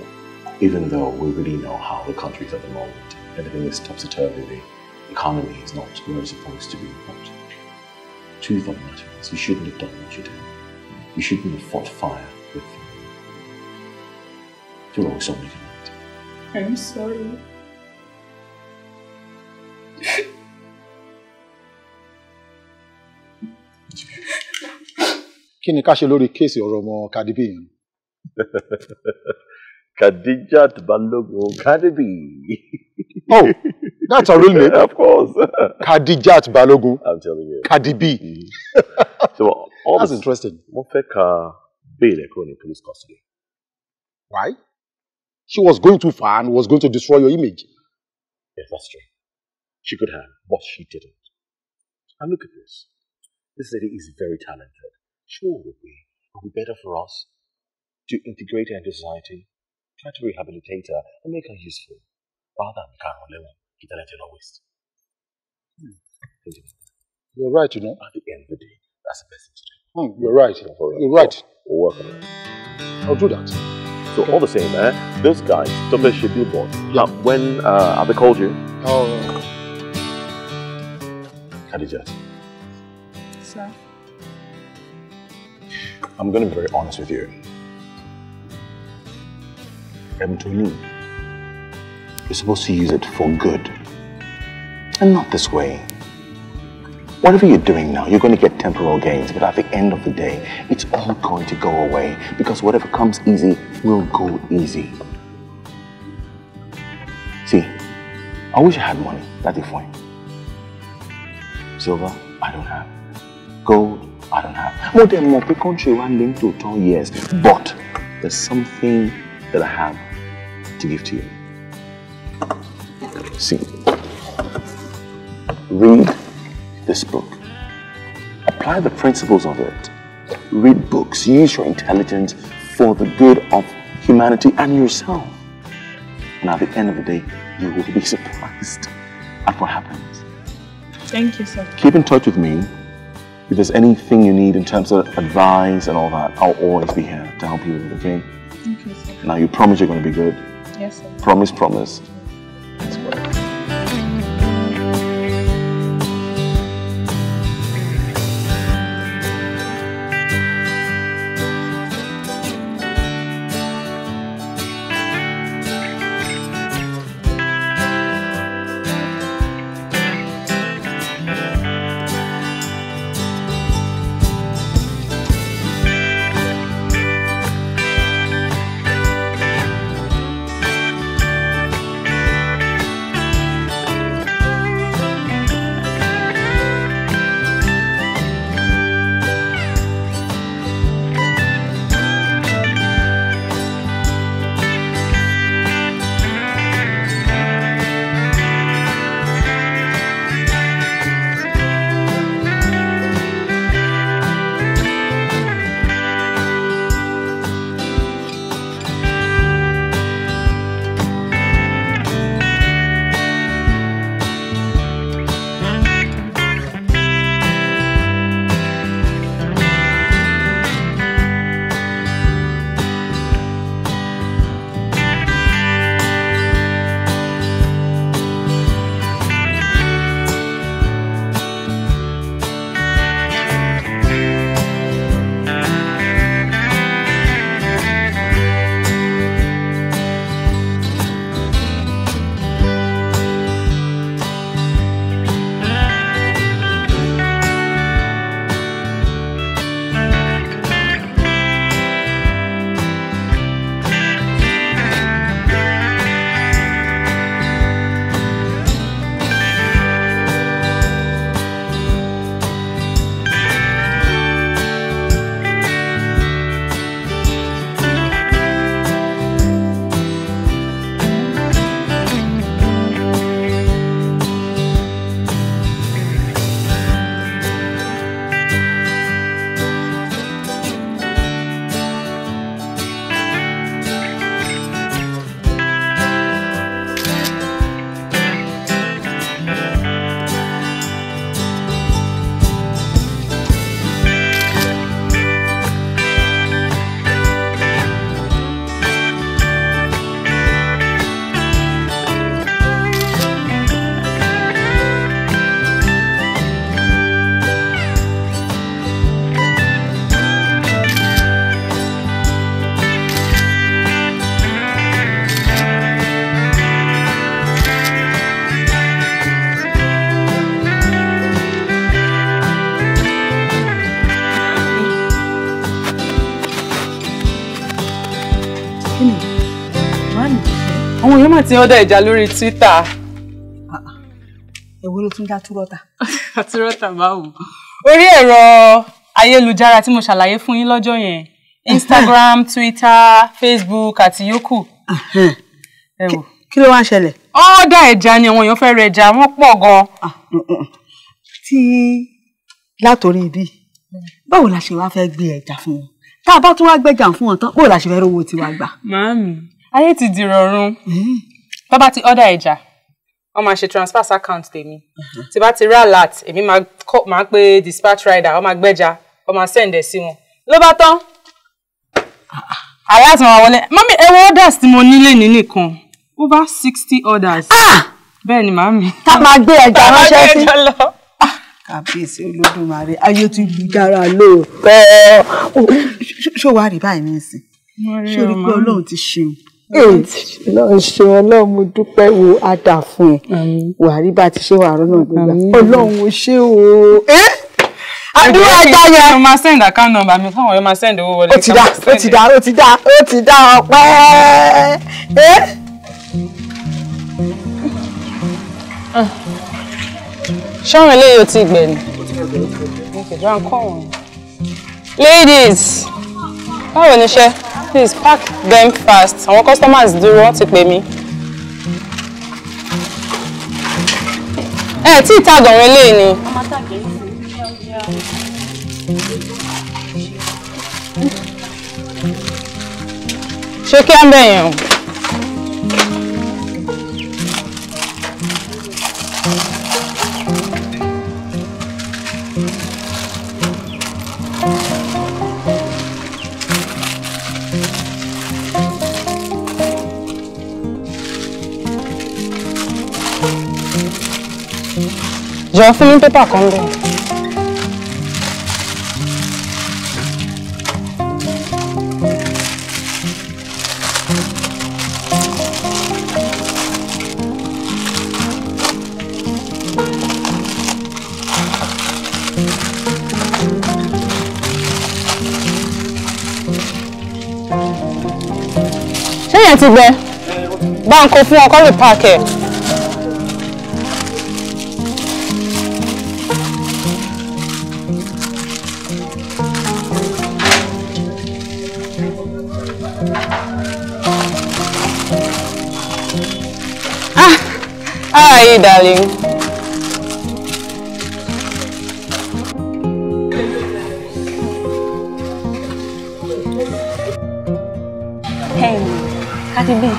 even though we really know how the country is at the moment, everything is topsy-turvy, the economy is not where it's supposed to be. But to Volunteers. You shouldn't have done what you did. You shouldn't have fought fire with them. Too long, somebody can I'm sorry. kí ni ká ṣe lórí kéèsì ọ̀rọ̀ ọmọ Cardi Khadijat Balogun Kadibi. oh, that's a real name. of course. Khadijat Balogun. I'm telling you. Kadibi. Mm-hmm. so all that's this, interesting. Wọ́n bail ẹ̀kọ́ police custody. Why? She was going too far and was going to destroy your image. Yes, that's true. She could have, but she didn't. And look at this. This lady is very talented. Sure, it would be. It would be better for us to integrate her into society try to rehabilitate her and make her useful rather than in a waste. Hmm. You're right, you know. At the end of the day, that's the best thing to do. Hmm, you're right. You're, you're right. we work on it. I'll do that. So okay. all the same, eh? Those guys, double should be born. Yeah. Um, when uh, have they called you? Oh. Khadijat. Sir. I'm going to be very honest with you. Them to you. You're supposed to use it for good. And not this way. Whatever you're doing now, you're going to get temporal gains, but at the end of the day, it's all going to go away because whatever comes easy will go easy. See, I wish I had money, that's the point. Silver, I don't have. Gold, I don't have. More than more, country one linked to 12 years, but there's something that I have to give to you. See, read this book. Apply the principles of it. Read books. Use your intelligence for the good of humanity and yourself. And at the end of the day, you will be surprised at what happens. Thank you, sir. Keep in touch with me. If there's anything you need in terms of advice and all that, I'll always be here to help you with, okay? Okay, sir. Now, you promise you're going to be good. Yes, sir. Promise, promise. tí ó dẹ̀ já lórí Twitter. èwo ló tún dá túrọ́tà. túrọ́tà báwo. orí ẹ̀rọ ayélujára tí mo ṣàlàyé fún yín lọ́jọ́ yẹn Instagram Twitter Facebook àti yòókù. ẹ wò kí ló wá ń ṣẹlẹ̀. ọ́dà ẹja ni àwọn èèyàn fẹ́ rẹ ẹja wọ́n pọ̀ gan-an. Ah, mm, mm, mm. tí látòrí ibi báwo la ṣe wá fẹ́ gbé ẹja fún wọn tá a bá tún wá gbẹjà fún wọn tán báwo la ṣe fẹ́ rówó tiwa gbà. màámi ayé ti dìrọ̀rùn tó bá ti order ẹja wọ́n máa ṣe transfer sí account tèmi tí bá ti rí alert èmi máa pe dispatch rider wọ́n máa gbẹ́ja wọ́n máa send ẹ̀ sí wọn ló bá tán alert máa wọlé mọ́mí ẹ wo orders tí mo nílé ní nìkan over sixty orders. Ah! bẹ́ẹ̀ ni màámi. ká máa gbé ẹja ránṣẹ́ sí. ká máa gbé ẹja lọ kàbíyèsí olódùmarè ayé tí gbígbára lóòótọ́ ṣó wàá rí báyìí nísìn ṣé o rí pé ọlọ́run ti ṣeun lọ́n ṣe ọlọ́run mo dúpẹ́ wo àdà fún ẹ wà rí bá ti ṣe wà rọ́nà gbígbà ọlọ́run ó ṣe o. àdúrà ajá yẹn. mo máa send account number mi fún àwọn ọ̀rẹ́ máa send owó wọlé. ó ti dá ó ti dá ó ti dá ó ti dá ọpẹ́. ṣọ́run eléyìí ò ti gbẹ̀ ni. ladies báwo ni iṣẹ́. Please pack them fast. Our customers do want ti pè mí. Ẹ tí ìtajà òun eléyìí ni. Ṣé kí á jọ fún ní pépà kan bẹ. ṣé yẹn ti gbẹ bá ń kó fún ọkọ rè páàkì ẹ. Hey, darling. Hey, Kati B.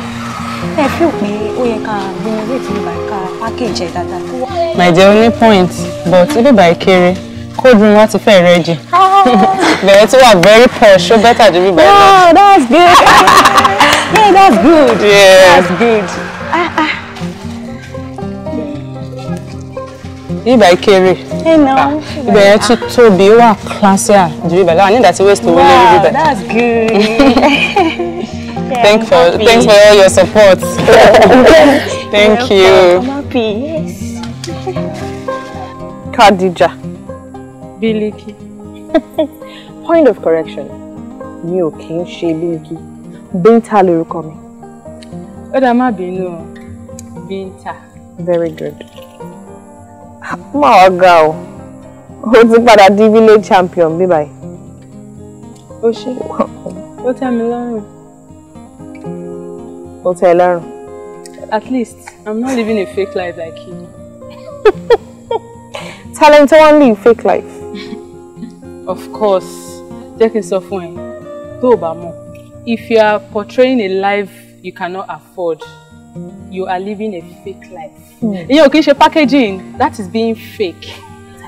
Ẹ fi pé ó you ká gbin ilé tí bàbá ká pákéjì ẹ̀ dáadáa tó wá. Nàìjẹ́ point but ibi bàbá kéré could wọn ti fẹ́ rẹ jì. Ah. Bẹ̀rẹ̀ tí wà very poor. Show better ju bíbá ẹ̀ Oh, that's good. Yeah, that's good. Yeah. That's good. ibà ìkéré ah, ibà yẹn tún tóbi ó wà classier ah, ju ibà lọ́wọ́ nígbà tí waste owó lórí ibà. that's good. yeah, thanks for happy. thanks for all your support. thank you. I'm happy yes. Khadija. Biliki. Point of correction. Mi ò kì í ṣe Biliki. Binta lorúkọ mi. Ó dá má bínú o. Binta. Very good máa wá ga o ó ti padà di village champion bí báyìí. ó ṣe ó tẹ́ mi lọ́rùn. ó tẹ́ ẹ lọ́rùn. at least i'm not living a fake life like you. talent wọn live fake life. of course jẹ́ kí n sọ fún ẹ tó o bá mọ̀ if you are portraying a life you cannot afford you are living a fake life. ìyẹn ò kí packaging that is being fake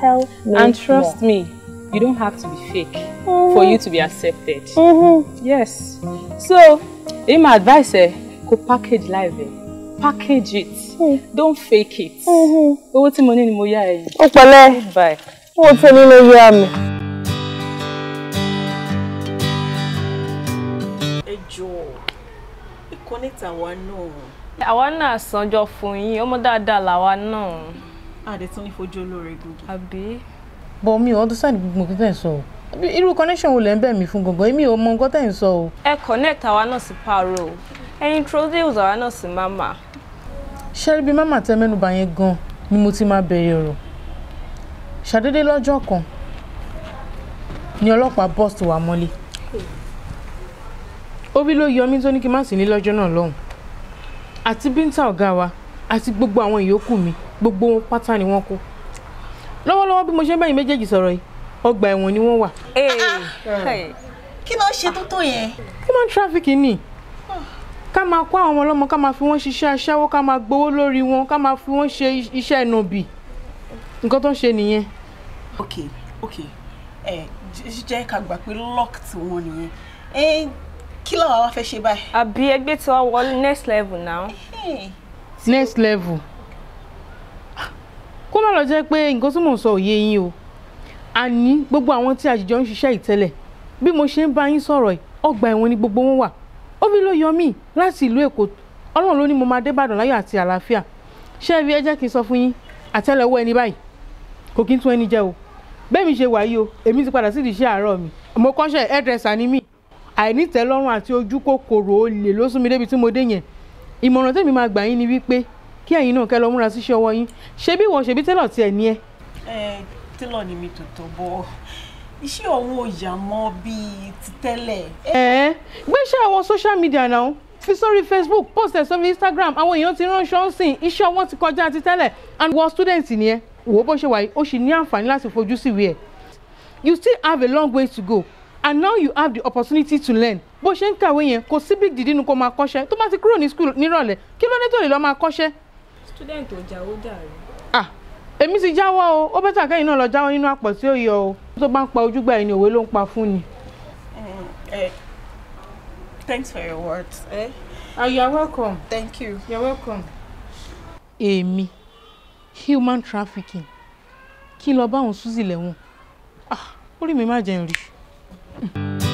tell me and trust more. me you don't have to be fake mm -hmm. for you to be accepted mm -hmm. yes so in my advice eh, go package live, eh. package it mm. don't fake it mm-hmm. owó tí mo ní ni mo yá ẹ yìí. ó pẹ̀lẹ́ owó tí mo ní ló yá mi. ẹ jọ̀ọ́ ìkọ́nẹ́tà àwa náà sanjọ fún yín ọmọ dáadáa làwa náà. àdè tún ní fojú olóore gbogbo. àbí. bọ̀ mi ò understand gbogbo nǹkan tẹ̀ ń sọ o irú connection wo lẹ́ ń bẹ̀ mí fún gbogbo èmi ò mọ nǹkan tẹ̀ ń sọ o. ẹ connect àwa náà sí paro ẹ introduce àwa náà sí mama. ṣé ibi mama tẹ mẹ́nuba yẹn gan ni mo ti máa bẹ̀rẹ̀ ọ̀rọ̀ ṣàdédé lọ́jọ́ kan ni ọlọ́pàá bọ́ọ̀sì wà mọ́lé orí ló yọ mí tó ní kí n má sì ní lọ́jọ́ náà lọ́hùn àti bínta ọ̀gá wa àti gbogbo àwọn ìyókù mi gbogbo wọn pátá ni wọ́n kó lọ́wọ́lọ́wọ́ bí mo ṣe ń bẹ̀yìn méjèèjì sọ̀rọ̀ yìí ọgbà ẹ̀wọ̀n ni wọ́n wà. kí ló ń ṣe tó tó yẹn. human trafficking ni ká máa kó àwọn ọmọ ọlọ́mọ ká máa fi wọ́n ṣiṣẹ́ aṣẹ́wó ká máa gbowó lórí wọn ká máa fi wọ́n ṣe iṣẹ́ ẹnu bì nǹkan tó ń ṣe nìyẹn. ok ok ẹ jẹ́ ká gbà pé locked wọn nìyẹn kí làwọn wá fẹ́ ṣe báyìí. àbí ẹgbẹ́ tí wọ́n wọ next level now. next level kó má lọ jẹ́ pé nǹkan tí mò ń sọ òye o àní gbogbo àwọn tí àjìjọ ń ṣiṣẹ́ ìtẹ́lẹ̀ bí mo ṣe ń bá yín sọ̀rọ̀ ẹ̀ ọgbà ẹ̀wọ̀n ni gbogbo wọn wà ó fi ló yọ mí láti ìlú èkó ọlọ́run ló ní mo máa dé Ìbàdàn láyọ̀ àti àlàáfíà ṣé ẹ fi ẹ jẹ́ kí n sọ fún yín àtẹ́lẹwọ́ ẹni báyìí kò n tún ẹni jẹ o bẹ́ẹ̀ mi ṣe wà yìí o èmi ti padà sídìí iṣẹ́ àárọ̀ mi mo kọ́ṣẹ́ hairdresser ni mí àìnítẹ́lọ́rùn àti ojú kòkòrò olè ló sún mi débi tí mo dé yẹn ìmọ̀ràn tèmi máa gbà yín ni wípé kí ẹ̀yin náà kẹ́ lọ múra síṣẹ́ ọwọ́ yín ṣebí ìwọ ṣebí tẹ́lọ̀ tiẹ̀ ni ẹ. ẹ tẹ́lọ̀ ni mi tòótọ́ bọ́ iṣẹ́ òun ò yà mọ́ bíi ti tẹ́lẹ̀. ẹ ẹ gbéṣẹ́ àwọn social media náà fi sórí facebook post ẹ̀ sórí instagram àwọn èèyàn ti ránṣọ́ ń sìn iṣẹ́ ọwọ́ ti kọjá ti tẹ́lẹ̀ and wọ student ni ẹ wò ó bó ṣe wà yìí ó sì ní àǹfààní láti fojú sí ìwé ẹ̀ you still have a long way to go and now you have the opportunity to learn bó ṣe ń kàwé yẹn kò sí big dìdí nu kó máa kọ́ṣẹ́ tó bá ti kúrò ní school nírọ̀lẹ́ kí ló dé tó lè lọ́ọ́ máa kọ́ṣẹ́. student ò jáwó dàrú. ah èmi ti jáwọ́ o ó bẹ́tà kẹ́yìn náà lọ jáwọ́ nínú àpọ̀ tí ó yọ o tó bá ń pa ojúgbà ẹni òwe ló ń pa fún ni. Eh, eh, thanks for your words. Eh? Oh, you are welcome. thank you. you are welcome. èmi human trafficking kí n lọ bá òun Suzy lẹ́wọ̀n ah orí mi má jẹun rí Mm-hmm.